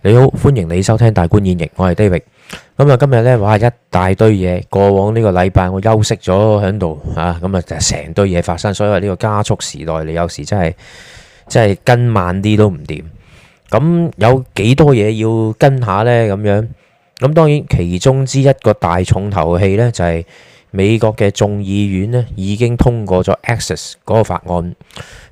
你好，歡迎你收聽《大觀演繹》，我係 David。咁啊，今日呢話一大堆嘢。過往呢個禮拜我休息咗喺度吓，咁啊就成堆嘢發生。所以呢個加速時代，你有時真係真係跟慢啲都唔掂。咁有幾多嘢要跟下呢？咁樣咁，當然其中之一個大重頭戲呢，就係美國嘅眾議院呢已經通過咗 AXIS Act 嗰個法案，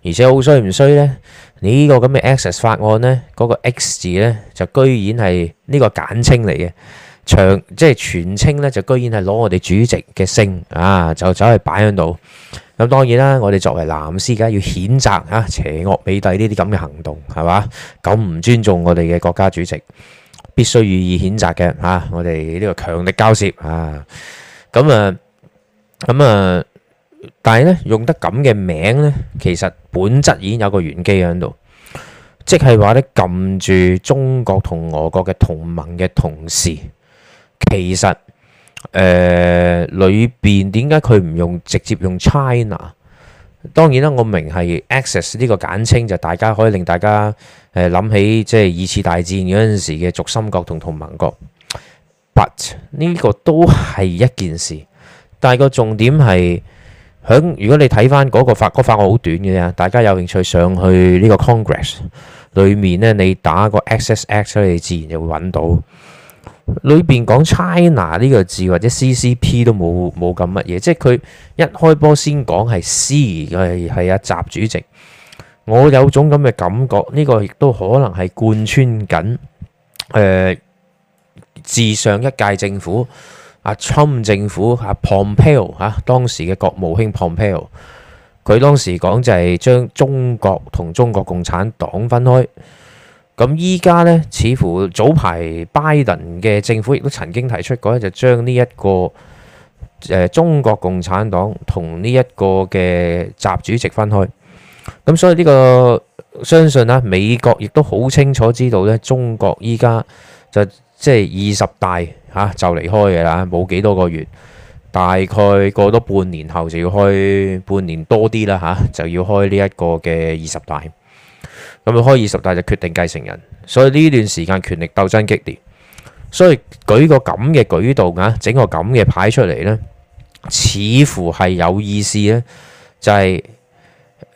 而且好衰唔衰呢？呢個咁嘅 AXIS 法案呢，嗰、那個 X 字呢，就居然係呢個簡稱嚟嘅，長即係全稱呢，就居然係攞我哋主席嘅姓啊，就走去擺喺度。咁當然啦，我哋作為藍絲家要譴責啊邪惡美帝呢啲咁嘅行動係嘛？咁唔尊重我哋嘅國家主席，必須予以譴責嘅嚇、啊。我哋呢個強力交涉啊，咁啊咁啊。啊啊啊啊。但係咧，用得咁嘅名咧，其實本質已經有個玄機喺度，即係話咧，撳住中國同俄國嘅同盟嘅同時，其實誒、呃、裏邊點解佢唔用直接用 China？當然啦，我明係 Axis 呢個簡稱就是、大家可以令大家誒諗起，即係二次大戰嗰陣時嘅軸心國同同盟國。But 呢個都係一件事，但係個重點係。響，如果你睇翻嗰個發嗰發覺好短嘅，大家有興趣上去呢個 Congress 裏面咧，你打個 AXIS ACT，你自然就會揾到。裏邊講 China 呢個字或者 CCP 都冇冇咁乜嘢，即係佢一開波先講係 C，係係阿習主席。我有種咁嘅感覺，呢、這個亦都可能係貫穿緊。誒、呃，自上一屆政府。阿 Trump 政府，阿 Pompeo 嚇，當時嘅國務卿 Pompeo，佢當時講就係將中國同中國共產黨分開。咁依家咧，似乎早排 Biden 嘅政府亦都曾經提出過，就將呢一個誒中國共產黨同呢一個嘅習主席分開。咁所以呢個相信啦，美國亦都好清楚知道咧，中國依家就。即係二十大嚇、啊、就離開嘅啦，冇幾多個月，大概過多半年後就要開半年多啲啦嚇，就要開呢一個嘅二十大。咁啊，開二十大就決定繼承人，所以呢段時間權力鬥爭激烈，所以舉個咁嘅舉動嚇、啊，整個咁嘅牌出嚟呢，似乎係有意思呢就係、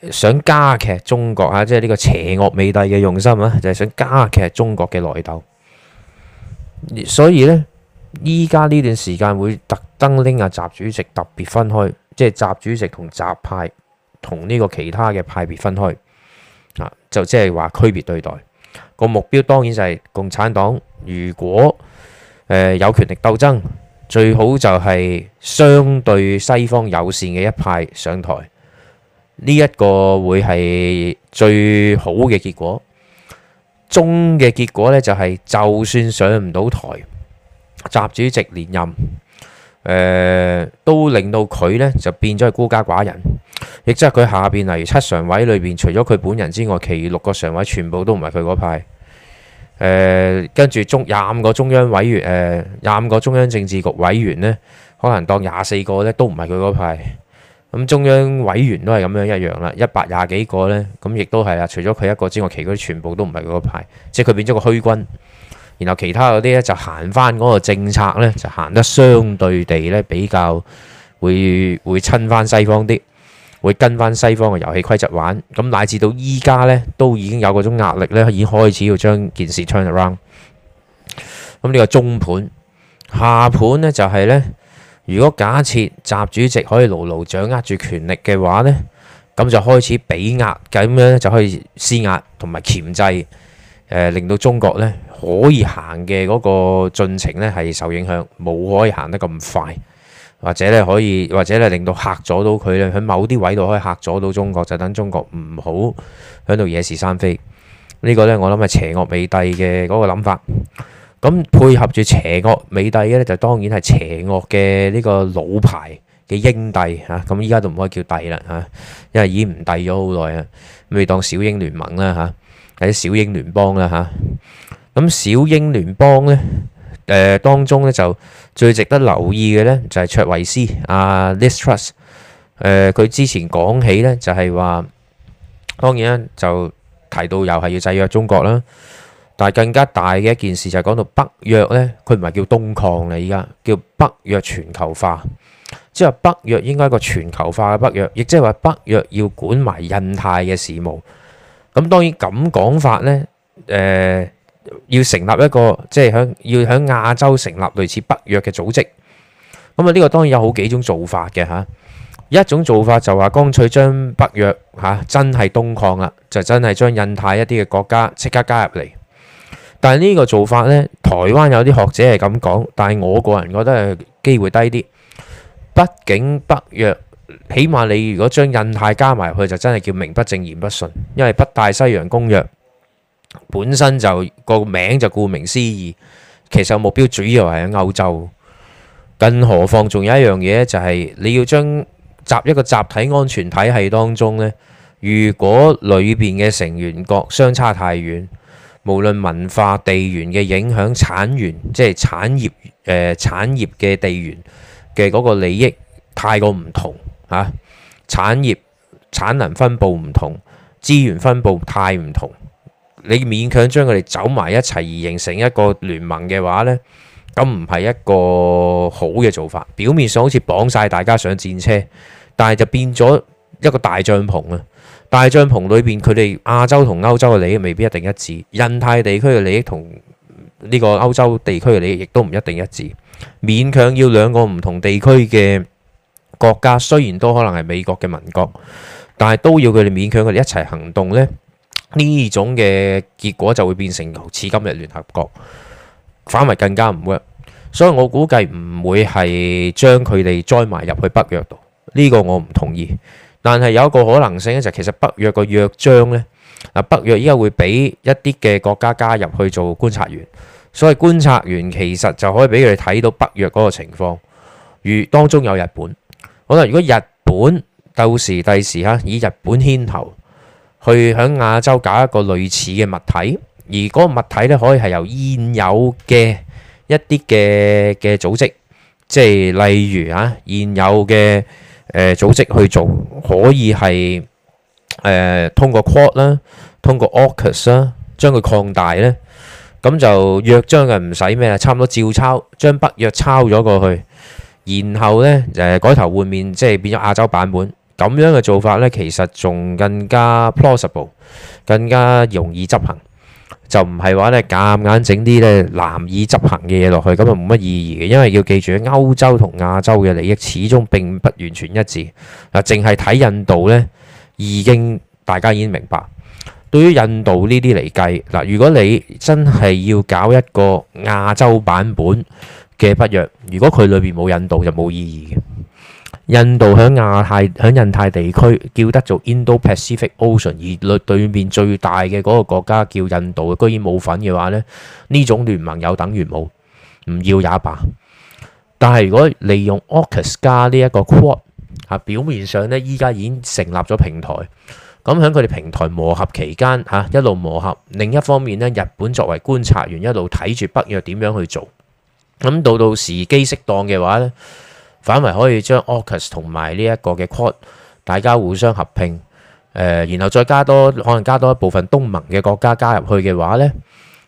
是、想加劇中國嚇，即係呢個邪惡美帝嘅用心啊，就係、是、想加劇中國嘅內鬥。所以呢，而家呢段時間會特登拎阿習主席特別分開，即係習主席同習派同呢個其他嘅派別分開，啊，就即係話區別對待。個目標當然就係共產黨，如果誒有權力鬥爭，最好就係相對西方友善嘅一派上台，呢一個會係最好嘅結果。中嘅結果呢、就係，就係就算上唔到台，習主席連任，呃、都令到佢呢就變咗係孤家寡人，亦即係佢下邊例如七常委裏邊，除咗佢本人之外，其餘六個常委全部都唔係佢嗰派。跟住中廿五個中央委員，誒廿五個中央政治局委員呢，可能當廿四個呢，都唔係佢嗰派。咁中央委員都係咁樣一樣啦，一百廿幾個呢，咁亦都係呀。除咗佢一個之外，其他全部都唔係嗰派，即係佢變咗個虛軍。然後其他嗰啲呢，就行翻嗰個政策呢，就行得相對地呢，比較會會親翻西方啲，會跟翻西方嘅遊戲規則玩。咁、嗯、乃至到依家呢，都已經有嗰種壓力呢，已經開始要將件事 turn around、嗯。咁、這、呢個中盤、下盤呢就係、是、呢。如果假設習主席可以牢牢掌握住權力嘅話呢，咁就開始俾壓，咁樣就可以施壓同埋鉗制，令到中國呢可以行嘅嗰個進程呢係受影響，冇可以行得咁快，或者咧可以或者咧令到嚇阻到佢呢，喺某啲位度可以嚇阻到中國，就等中國唔好喺度惹是生非。呢、呢個呢，我諗係邪惡美帝嘅嗰個諗法。咁配合住邪惡美帝嘅咧，就當然係邪惡嘅呢個老牌嘅英帝嚇，咁依家都唔可以叫帝啦嚇、啊，因為已經唔帝咗好耐啊，咪當小英聯盟啦嚇，或者、啊、小英聯邦啦嚇。咁、啊、小英聯邦咧，誒、呃、當中咧就最值得留意嘅咧，就係、是、卓維斯啊 Liz Truss、啊。誒佢之前講起咧，就係、是、話，當然啦，就提到又係要制約中國啦。但係更加大嘅一件事就係講到北約呢，佢唔係叫東擴啦，而家叫北約全球化，即係北約應該一個全球化嘅北約，亦即係話北約要管埋印太嘅事務。咁當然，咁講法呢，誒、呃、要成立一個即係響要響亞洲成立類似北約嘅組織。咁啊，呢個當然有好幾種做法嘅嚇。一種做法就話乾脆將北約嚇、啊、真係東擴啦，就真係將印太一啲嘅國家即刻加入嚟。但係呢個做法呢，台灣有啲學者係咁講，但係我個人覺得係機會低啲。畢竟北約，起碼你如果將印太加埋入去，就真係叫名不正言不順，因為北大西洋公約本身就個名就顧名思義，其實目標主要係喺歐洲。更何況仲有一樣嘢就係你要將集一個集體安全體系當中呢，如果裏邊嘅成員國相差太遠。無論文化、地緣嘅影響、產業即係，呃、產業誒產業嘅地緣嘅嗰個利益太過唔同嚇、啊，產業產能分布唔同，資源分布太唔同，你勉強將佢哋走埋一齊而形成一個聯盟嘅話呢，咁唔係一個好嘅做法。表面上好似綁晒大家上戰車，但係就變咗一個大帳篷啊！大帳篷裏邊，佢哋亞洲同歐洲嘅利益未必一定一致，印太地區嘅利益同呢個歐洲地區嘅利益亦都唔一定一致。勉強要兩個唔同地區嘅國家，雖然都可能係美國嘅盟國，但係都要佢哋勉強佢哋一齊行動呢，呢種嘅結果就會變成似今日聯合國，反為更加唔 work。所以我估計唔會係將佢哋栽埋入去北約度，呢、這個我唔同意。但係有一個可能性咧，就其實北約個約章咧，啊北約依家會俾一啲嘅國家加入去做觀察員，所謂觀察員其實就可以俾佢哋睇到北約嗰個情況。如當中有日本，好啦，如果日本到時第時嚇以日本牽頭去響亞洲搞一個類似嘅物體，而嗰個物體咧可以係由現有嘅一啲嘅嘅組織，即係例如嚇現有嘅。誒，組織去做可以係，誒通過 Quad 啦，通過 AUKUS 啦，將佢擴大咧，咁就約將佢唔使咩啦，差唔多照抄，將北約抄咗過去，然後咧誒改頭換面，即係變咗亞洲版本，咁樣嘅做法咧，其實仲更加 plausible，更加容易執行。就唔係話咧，夾硬整啲咧難以執行嘅嘢落去，咁啊冇乜意義嘅。因為要記住，歐洲同亞洲嘅利益始終並不完全一致。嗱，淨係睇印度呢，已經大家已經明白。對於印度呢啲嚟計，嗱，如果你真係要搞一個亞洲版本嘅北約，如果佢裏邊冇印度就冇意義嘅。印度響亞太響印太地區，叫得做 Indo-Pacific Ocean，而對對面最大嘅嗰個國家叫印度居然冇份嘅話呢，呢種聯盟有等於冇，唔要也罷。但係如果利用 AUKUS 加呢一個 Quad、啊、表面上呢，依家已經成立咗平台，咁響佢哋平台磨合期間吓、啊，一路磨合。另一方面呢，日本作為觀察員，一路睇住北約點樣去做，咁到到時機適當嘅話呢。反為可以將 AUKUS 同埋呢一個嘅 Quad 大家互相合拼，誒、呃，然後再加多可能加多一部分東盟嘅國家加入去嘅話呢，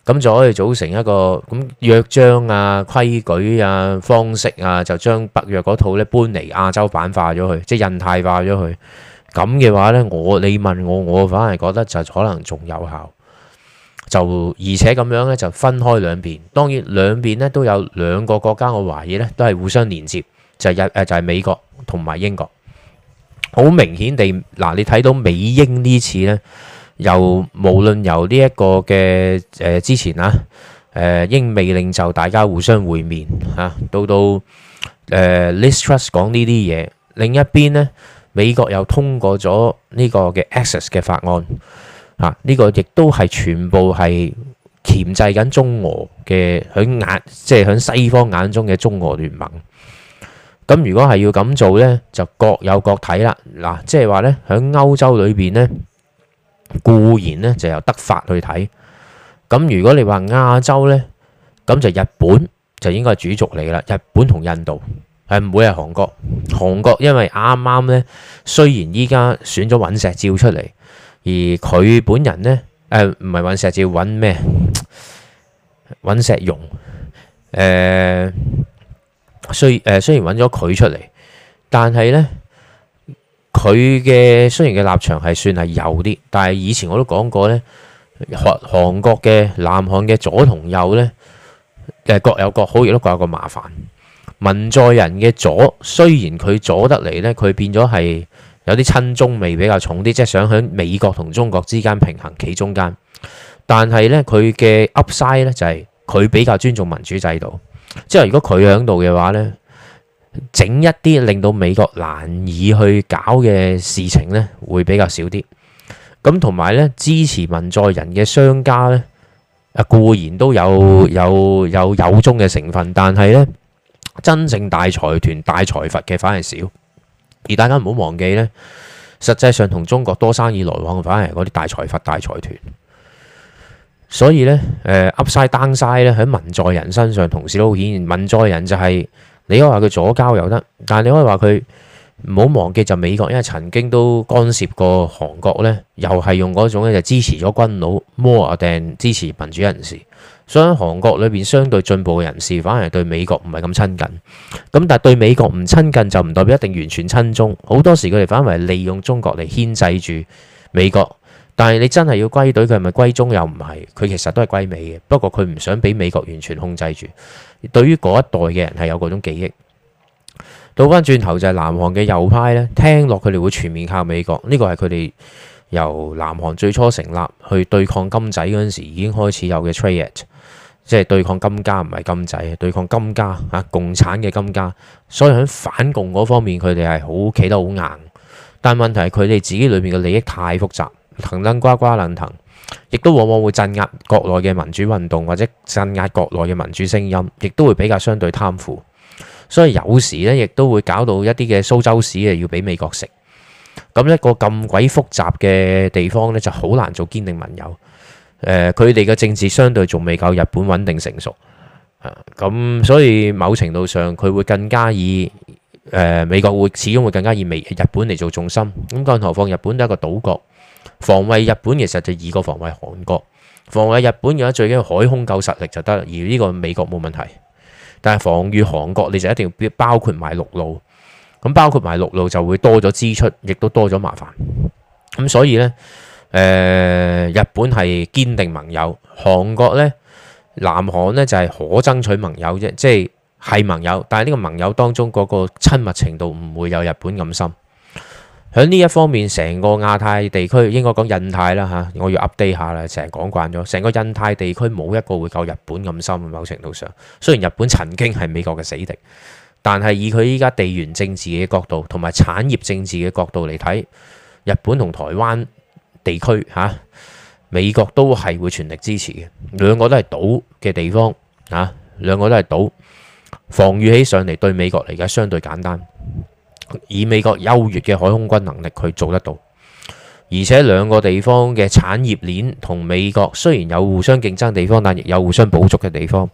咁就可以組成一個咁約章啊、規矩啊、方式啊，就將北約嗰套咧搬嚟亞洲版化咗去，即係印太化咗去。咁嘅話呢，我你問我，我反而覺得就可能仲有效，就而且咁樣呢，就分開兩邊，當然兩邊呢都有兩個國家，我懷疑呢都係互相連接。就係日誒，就係美國同埋英國，好明顯地嗱，你睇到美英呢次咧，由無論由呢一個嘅誒之前啊，誒英美領袖大家互相會面嚇，到到誒 Liz Truss 講呢啲嘢，另一邊咧美國又通過咗呢個嘅 AXIS 嘅法案嚇，呢個亦都係全部係鉗制緊中俄嘅喺眼，即係喺西方眼中嘅中俄聯盟。咁如果係要咁做咧，就各有各睇啦。嗱，即係話咧，喺歐洲裏邊咧，固然咧就由德法去睇。咁如果你話亞洲咧，咁就日本就應該係主軸嚟啦。日本同印度，誒唔會係韓國。韓國因為啱啱咧，雖然依家選咗尹石照出嚟，而佢本人咧，誒唔係尹石照，尹咩？尹石勇，誒。雖誒、呃、雖然揾咗佢出嚟，但係咧佢嘅雖然嘅立場係算係右啲，但係以前我都講過咧，韓韓國嘅南韓嘅左同右咧，誒各有各好，亦都各有個麻煩。文在寅嘅左雖然佢左得嚟咧，佢變咗係有啲親中味比較重啲，即係想喺美國同中國之間平衡企中間，但係咧佢嘅 Upside 咧就係佢比較尊重民主制度。即係如果佢喺度嘅話呢，整一啲令到美國難以去搞嘅事情呢，會比較少啲。咁同埋呢，支持文在寅嘅商家呢，固然都有有、有有有中嘅成分，但係呢，真正大財團大財閥嘅反而少。而大家唔好忘記呢，實際上同中國多生意來往反而係嗰啲大財閥大財團。所以咧，誒 up side down side 咧，喺文在寅身上，同時都顯然。文在寅就係、是、你可以話佢左膠又得，但係你可以話佢唔好忘記就美國，因為曾經都干涉過韓國咧，又係用嗰種咧就是、支持咗軍佬 more 定支持民主人士，所以韓國裏邊相對進步嘅人士反而對美國唔係咁親近。咁但係對美國唔親近就唔代表一定完全親中，好多時佢哋反而利用中國嚟牽制住美國。但係你真係要歸隊，佢係咪歸中又唔係？佢其實都係歸美嘅。不過佢唔想俾美國完全控制住。對於嗰一代嘅人係有嗰種記憶。倒翻轉頭就係南韓嘅右派咧，聽落佢哋會全面靠美國。呢個係佢哋由南韓最初成立去對抗金仔嗰陣時已經開始有嘅 trait，即係對抗金家唔係金仔，對抗金家嚇共產嘅金家。所以喺反共嗰方面，佢哋係好企得好硬。但問題係佢哋自己裏面嘅利益太複雜。騰騰呱呱，呱，騰騰，亦都往往會鎮壓國內嘅民主運動，或者鎮壓國內嘅民主聲音，亦都會比較相對貪腐，所以有時咧，亦都會搞到一啲嘅蘇州市蘇州屎啊，要俾美國食。咁一個咁鬼複雜嘅地方咧，就好難做堅定盟友。誒、呃，佢哋嘅政治相對仲未夠日本穩定成熟，啊、呃，咁所以某程度上佢會更加以誒、呃、美國會始終會更加以美日本嚟做重心。咁更何況日本都係一個島國。防衛日本其實就易過防衛韓國，防衛日本嘅話最緊要海空夠實力就得啦，而呢個美國冇問題。但係防禦韓國你就一定要包括埋陸路，咁包括埋陸路就會多咗支出，亦都多咗麻煩。咁所以呢，誒、呃，日本係堅定盟友，韓國呢，南韓呢，就係可爭取盟友啫，即係係盟友，但係呢個盟友當中嗰個親密程度唔會有日本咁深。喺呢一方面，成個亞太地區應該講印太啦嚇，我要 update 下啦，成日講慣咗，成個印太地區冇一個會夠日本咁深。某程度上，雖然日本曾經係美國嘅死敵，但係以佢依家地緣政治嘅角度同埋產業政治嘅角度嚟睇，日本同台灣地區嚇，美國都係會全力支持嘅。兩個都係島嘅地方嚇，兩個都係島，防禦起上嚟對美國嚟講相對簡單。以美國優越嘅海空軍能力去做得到，而且兩個地方嘅產業鏈同美國雖然有互相競爭地方，但亦有互相補足嘅地方。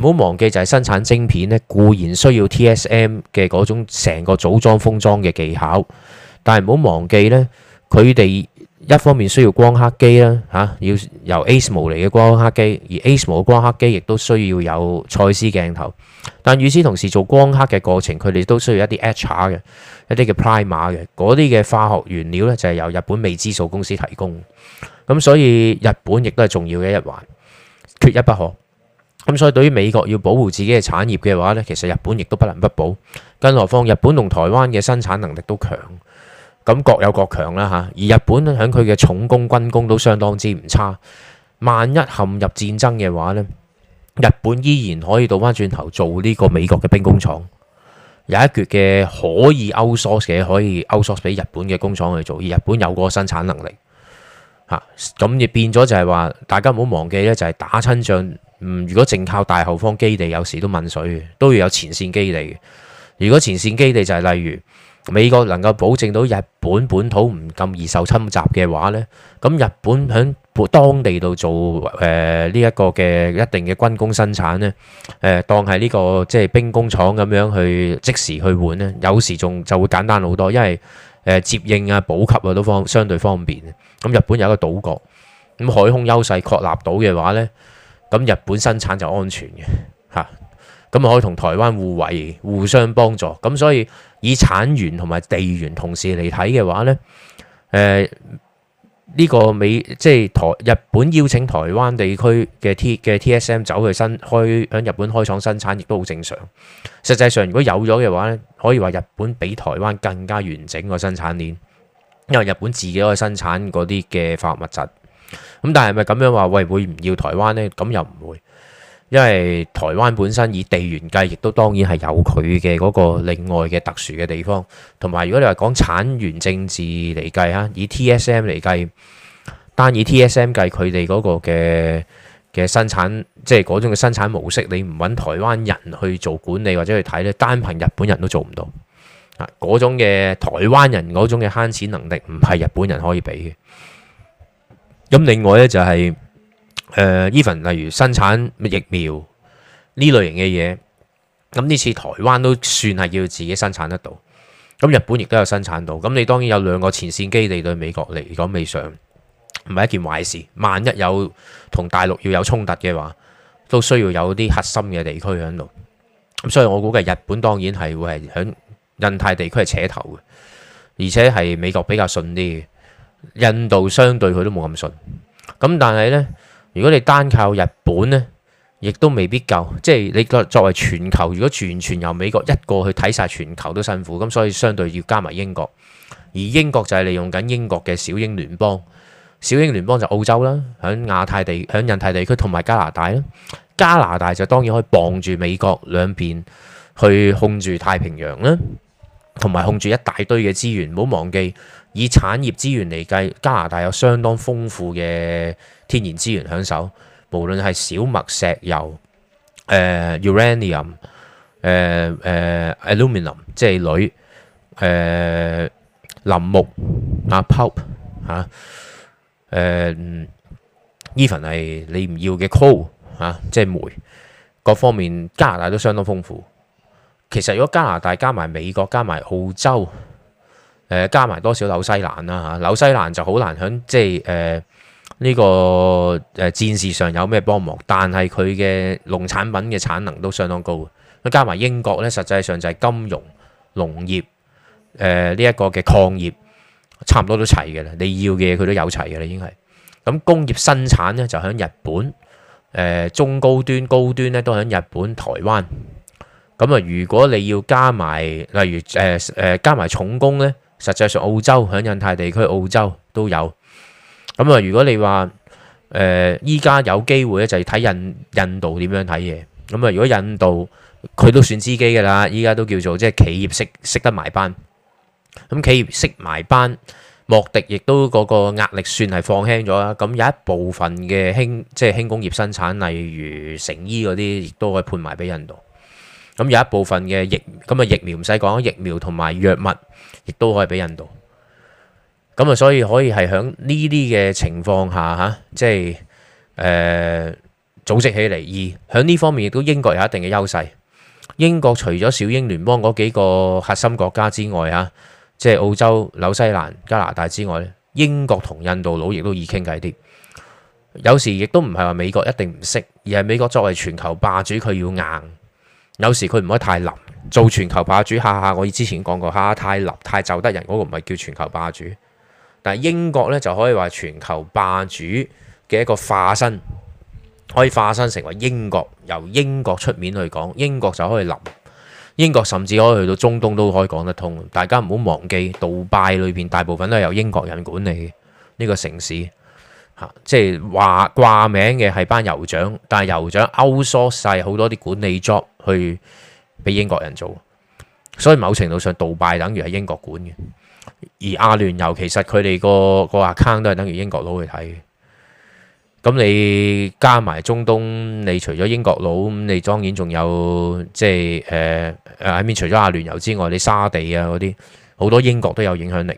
唔好忘記就係生產晶片咧，固然需要 TSM 嘅嗰種成個組裝封裝嘅技巧，但係唔好忘記呢佢哋一方面需要光刻機啦，嚇，要由 ASML 嚟嘅光刻機，而 ASML 嘅光刻機亦都需要有蔡司鏡頭。但與此同時，做光刻嘅過程，佢哋都需要一啲 HR 嘅一啲嘅 Primer 嘅嗰啲嘅化學原料咧，就係由日本未知數公司提供。咁所以日本亦都係重要嘅一環，缺一不可。咁所以對於美國要保護自己嘅產業嘅話咧，其實日本亦都不能不保。更何況日本同台灣嘅生產能力都強，咁各有各強啦嚇。而日本喺佢嘅重工軍工都相當之唔差。萬一陷入戰爭嘅話咧，日本依然可以倒翻轉頭做呢個美國嘅兵工廠，有一橛嘅可以 outsource 嘅，可以 outsource 俾日本嘅工廠去做，而日本有嗰個生產能力。吓，咁亦變咗就係話，大家唔好忘記咧，就係、是、打親仗，嗯，如果淨靠大後方基地，有時都冇水嘅，都要有前線基地。如果前線基地就係例如，美國能夠保證到日本本土唔咁易受侵襲嘅話呢，咁日本喺當地度做誒呢一個嘅一定嘅軍工生產呢，誒、呃、當係呢、呢個即係兵工廠咁樣去即時去換呢，有時仲就會簡單好多，因為誒、呃、接應啊、補給啊都方相對方便，咁日本有一個島國，咁海空優勢確立到嘅話呢，咁日本生產就安全嘅吓。 咁啊可以同台灣互為互相幫助，咁所以以產源同埋地緣同時嚟睇嘅話呢，誒、呃、呢、呢個美即係台日本邀請台灣地區嘅 T 嘅 TSM 走去新開喺日本開廠生產，亦都好正常。實際上如果有咗嘅話呢，可以話日本比台灣更加完整個生產鏈，因為日本自己可以生產嗰啲嘅化學物質。咁但係咪咁樣話喂，會唔要台灣呢？咁又唔會。因為台灣本身以地緣計，亦都當然係有佢嘅嗰個另外嘅特殊嘅地方。同埋如果你話講產源政治嚟計吓，以 TSM 嚟計，單以 TSM 計佢哋嗰個嘅嘅生產，即係嗰種嘅生產模式，你唔搵台灣人去做管理或者去睇咧，單憑日本人都做唔到啊！嗰種嘅台灣人嗰種嘅慳錢能力，唔係日本人可以比嘅。咁另外咧就係、是。誒、uh，even 例如生產疫苗呢類型嘅嘢，咁呢次台灣都算係要自己生產得到。咁日本亦都有生產到。咁你當然有兩個前線基地對美國嚟講，未嘗唔係一件壞事。萬一有同大陸要有衝突嘅話，都需要有啲核心嘅地區喺度。咁所以我估計日本當然係會係響印太地區係扯頭嘅，而且係美國比較順啲。印度相對佢都冇咁順。咁但係呢。如果你單靠日本呢，亦都未必夠。即係你作作為全球，如果全全由美國一個去睇晒全球都辛苦。咁所以相對要加埋英國，而英國就係利用緊英國嘅小英聯邦。小英聯邦就澳洲啦，喺亞太地、喺印太地區同埋加拿大啦。加拿大就當然可以傍住美國兩邊去控住太平洋啦，同埋控住一大堆嘅資源。唔好忘記，以產業資源嚟計，加拿大有相當豐富嘅。天然資源享受，無論係小麥、石油、uranium、呃、誒 Uran 誒、呃呃、aluminium 即係鋁、誒、呃、林木 p，啊、pulp、呃、嚇、誒 even 係你唔要嘅 coal 嚇，即係煤各方面加拿大都相當豐富。其實如果加拿大加埋美國加埋澳洲，誒、呃、加埋多少紐西蘭啦嚇，紐、啊、西蘭就好難響即係誒。呃呢個誒戰事上有咩幫忙？但係佢嘅農產品嘅產能都相當高。咁加埋英國咧，實際上就係金融、農業、誒呢一個嘅礦業，差唔多都齊㗎啦。你要嘅嘢佢都有齊㗎啦，已經係。咁工業生產咧就喺日本，誒、呃、中高端、高端咧都喺日本、台灣。咁、呃、啊，如果你要加埋例如誒誒、呃呃、加埋重工咧，實際上澳洲喺印太地區，澳洲都有。咁啊，如果你話誒依家有機會咧，就係睇印印度點樣睇嘢。咁啊，如果印度佢都算資機㗎啦，依家都叫做即係企業識識得埋班。咁企業識埋班，莫迪亦都個個壓力算係放輕咗啦。咁有一部分嘅輕即係輕工業生產，例如成衣嗰啲，亦都可以判埋俾印度。咁有一部分嘅疫咁啊疫苗唔使講，疫苗同埋藥物亦都可以俾印度。咁啊，所以可以係喺呢啲嘅情況下嚇，即係誒、呃、組織起嚟。而喺呢方面，亦都英國有一定嘅優勢。英國除咗小英聯邦嗰幾個核心國家之外，嚇，即係澳洲、紐西蘭、加拿大之外咧，英國同印度佬亦都易傾偈啲。有時亦都唔係話美國一定唔識，而係美國作為全球霸主，佢要硬。有時佢唔可以太腍，做全球霸主下下。我之前講過，下下太腍、太就得人嗰、那個唔係叫全球霸主。但英國咧就可以話全球霸主嘅一個化身，可以化身成為英國，由英國出面去講，英國就可以諗，英國甚至可以去到中東都可以講得通。大家唔好忘記，杜拜裏邊大部分都係由英國人管理呢、這個城市，嚇、啊，即係話掛名嘅係班酋長，但係酋長 outsource 晒好多啲管理 job 去俾英國人做，所以某程度上杜拜等於係英國管嘅。而阿聯酋其實佢哋個個 account 都係等於英國佬去睇嘅，咁你加埋中東，你除咗英國佬，咁你當然仲有即係誒誒喺面除咗阿聯酋之外，你沙地啊嗰啲好多英國都有影響力，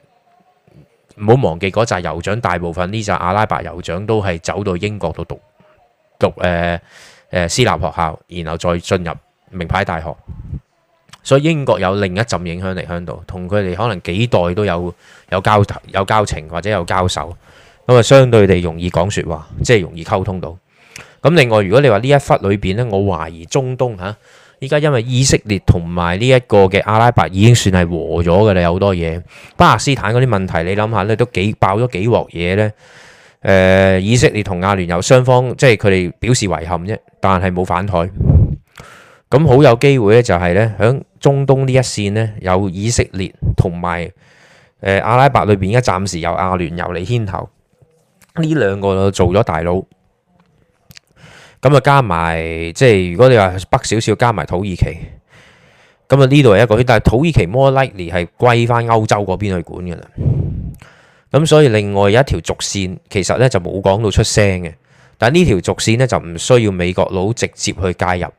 唔好忘記嗰紮酋長大部分呢紮阿拉伯酋長都係走到英國度讀讀誒誒私立學校，然後再進入名牌大學。所以英國有另一陣影響力，響度，同佢哋可能幾代都有有交有交情或者有交手，咁啊相對地容易講説話，即係容易溝通到。咁另外如果你話呢一忽裏邊咧，我懷疑中東嚇，依家因為以色列同埋呢一個嘅阿拉伯已經算係和咗㗎喇，有好多嘢巴勒斯坦嗰啲問題你諗下咧，都幾爆咗幾鑊嘢咧。誒、呃，以色列同阿聯酋雙方即係佢哋表示遺憾啫，但係冇反台。咁好有機會咧，就係咧響。中東呢一線咧，有以色列同埋誒阿拉伯裏邊，而家暫時由阿聯酋嚟牽頭，呢兩個都做咗大佬。咁啊，加埋即係如果你話北少少，加埋土耳其。咁啊，呢度係一個，但係土耳其 more likely 係歸翻歐洲嗰邊去管嘅啦。咁所以另外有一條軸線，其實咧就冇講到出聲嘅。但呢條軸線咧就唔需要美國佬直接去介入。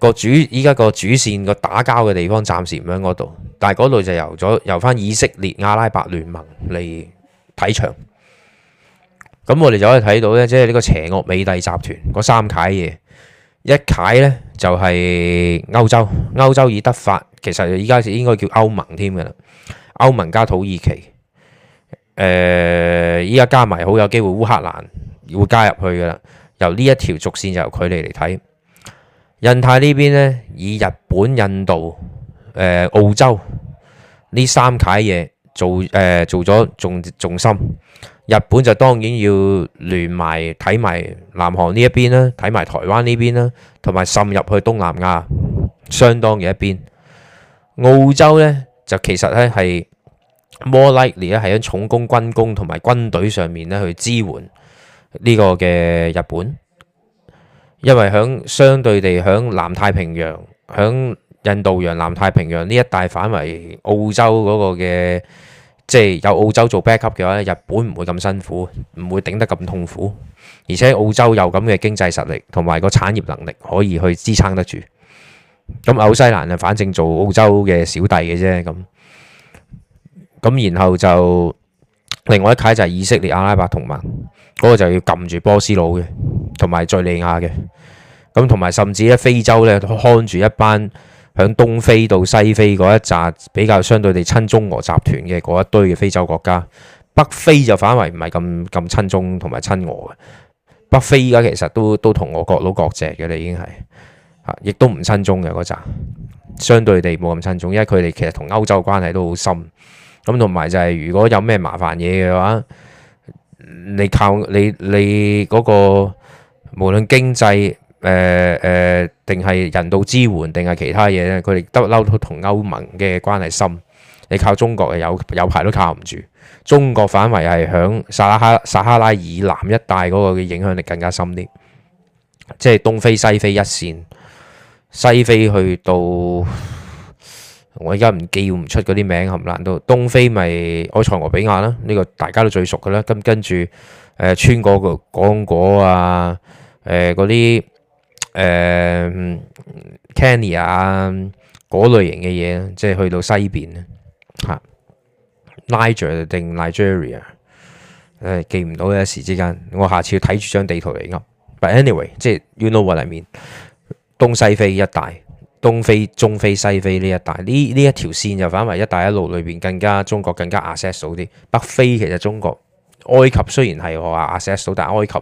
個主，依家個主線個打交嘅地方暫時唔喺嗰度，但係嗰度就由咗由翻以色列阿拉伯聯盟嚟睇場。咁我哋就可以睇到呢，即係呢個邪惡美帝集團個三楷嘢，一楷呢就係歐洲，歐洲以德法，其實依家應該叫歐盟添㗎啦，歐盟加土耳其，誒依家加埋好有機會烏克蘭會加入去㗎啦，由呢一條軸線就由佢哋嚟睇。印太呢邊咧，以日本、印度、誒澳洲呢三契嘢做誒做咗重重心。日本就當然要聯埋睇埋南韓呢一邊啦，睇埋台灣呢邊啦，同埋滲入去東南亞相當嘅一邊。澳洲咧就其實咧係 more likely 係喺重工、軍工同埋軍隊上面咧去支援呢個嘅日本。因為喺相對地喺南太平洋、喺印度洋、南太平洋呢一帶反為澳洲嗰個嘅即係有澳洲做 back up 嘅話，日本唔會咁辛苦，唔會頂得咁痛苦。而且澳洲有咁嘅經濟實力同埋個產業能力，可以去支撐得住。咁紐西蘭啊，反正做澳洲嘅小弟嘅啫，咁咁然後就。另外一卡就係以色列、阿拉伯同盟，嗰個就要撳住波斯佬嘅，同埋敍利亞嘅，咁同埋甚至喺非洲咧，看住一班響東非到西非嗰一扎比較相對地親中俄集團嘅嗰一堆嘅非洲國家。北非就反為唔係咁咁親中同埋親俄嘅，北非而家其實都都同俄國佬國籍嘅啦，你已經係嚇，亦都唔親中嘅嗰扎，相對地冇咁親中，因為佢哋其實同歐洲關係都好深。咁同埋就係如果有咩麻煩嘢嘅話，你靠你你嗰個無論經濟誒誒定係人道支援定係其他嘢咧，佢哋得嬲都同歐盟嘅關係深。你靠中國嘅有有排都靠唔住，中國反為係響撒哈撒哈拉以南一帶嗰個嘅影響力更加深啲，即係東非、西非一線，西非去到。我而家唔記唔出嗰啲名，含難到東非咪埃塞俄比亞啦？呢個大家都最熟嘅啦。咁跟住誒，穿過個剛果啊，誒嗰啲誒 Kenya 啊，嗰類型嘅嘢，即係去到西邊咧嚇，Niger 定 Nigeria？誒記唔到嘅，一時之間，我下次要睇住張地圖嚟噏。But anyway，即係 you know what I mean？東西非一帶。東非、中非、西非呢一帶，呢呢一,一條線就反為“一帶一路”裏邊更加中國更加 access 啲北非。其實中國埃及雖然係我話 access 但係埃及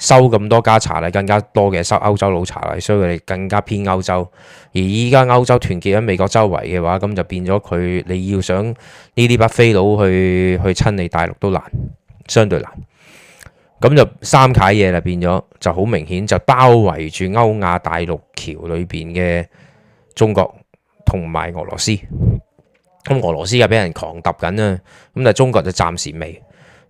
收咁多家茶禮，更加多嘅收歐洲佬茶禮，所以佢哋更加偏歐洲。而依家歐洲團結喺美國周圍嘅話，咁就變咗佢你要想呢啲北非佬去去親你大陸都難，相對難。咁就三軌嘢就變咗就好明顯，就包圍住歐亞大陸橋裏邊嘅。中國同埋俄羅斯，咁俄羅斯又俾人狂揼緊啊。咁但中國就暫時未。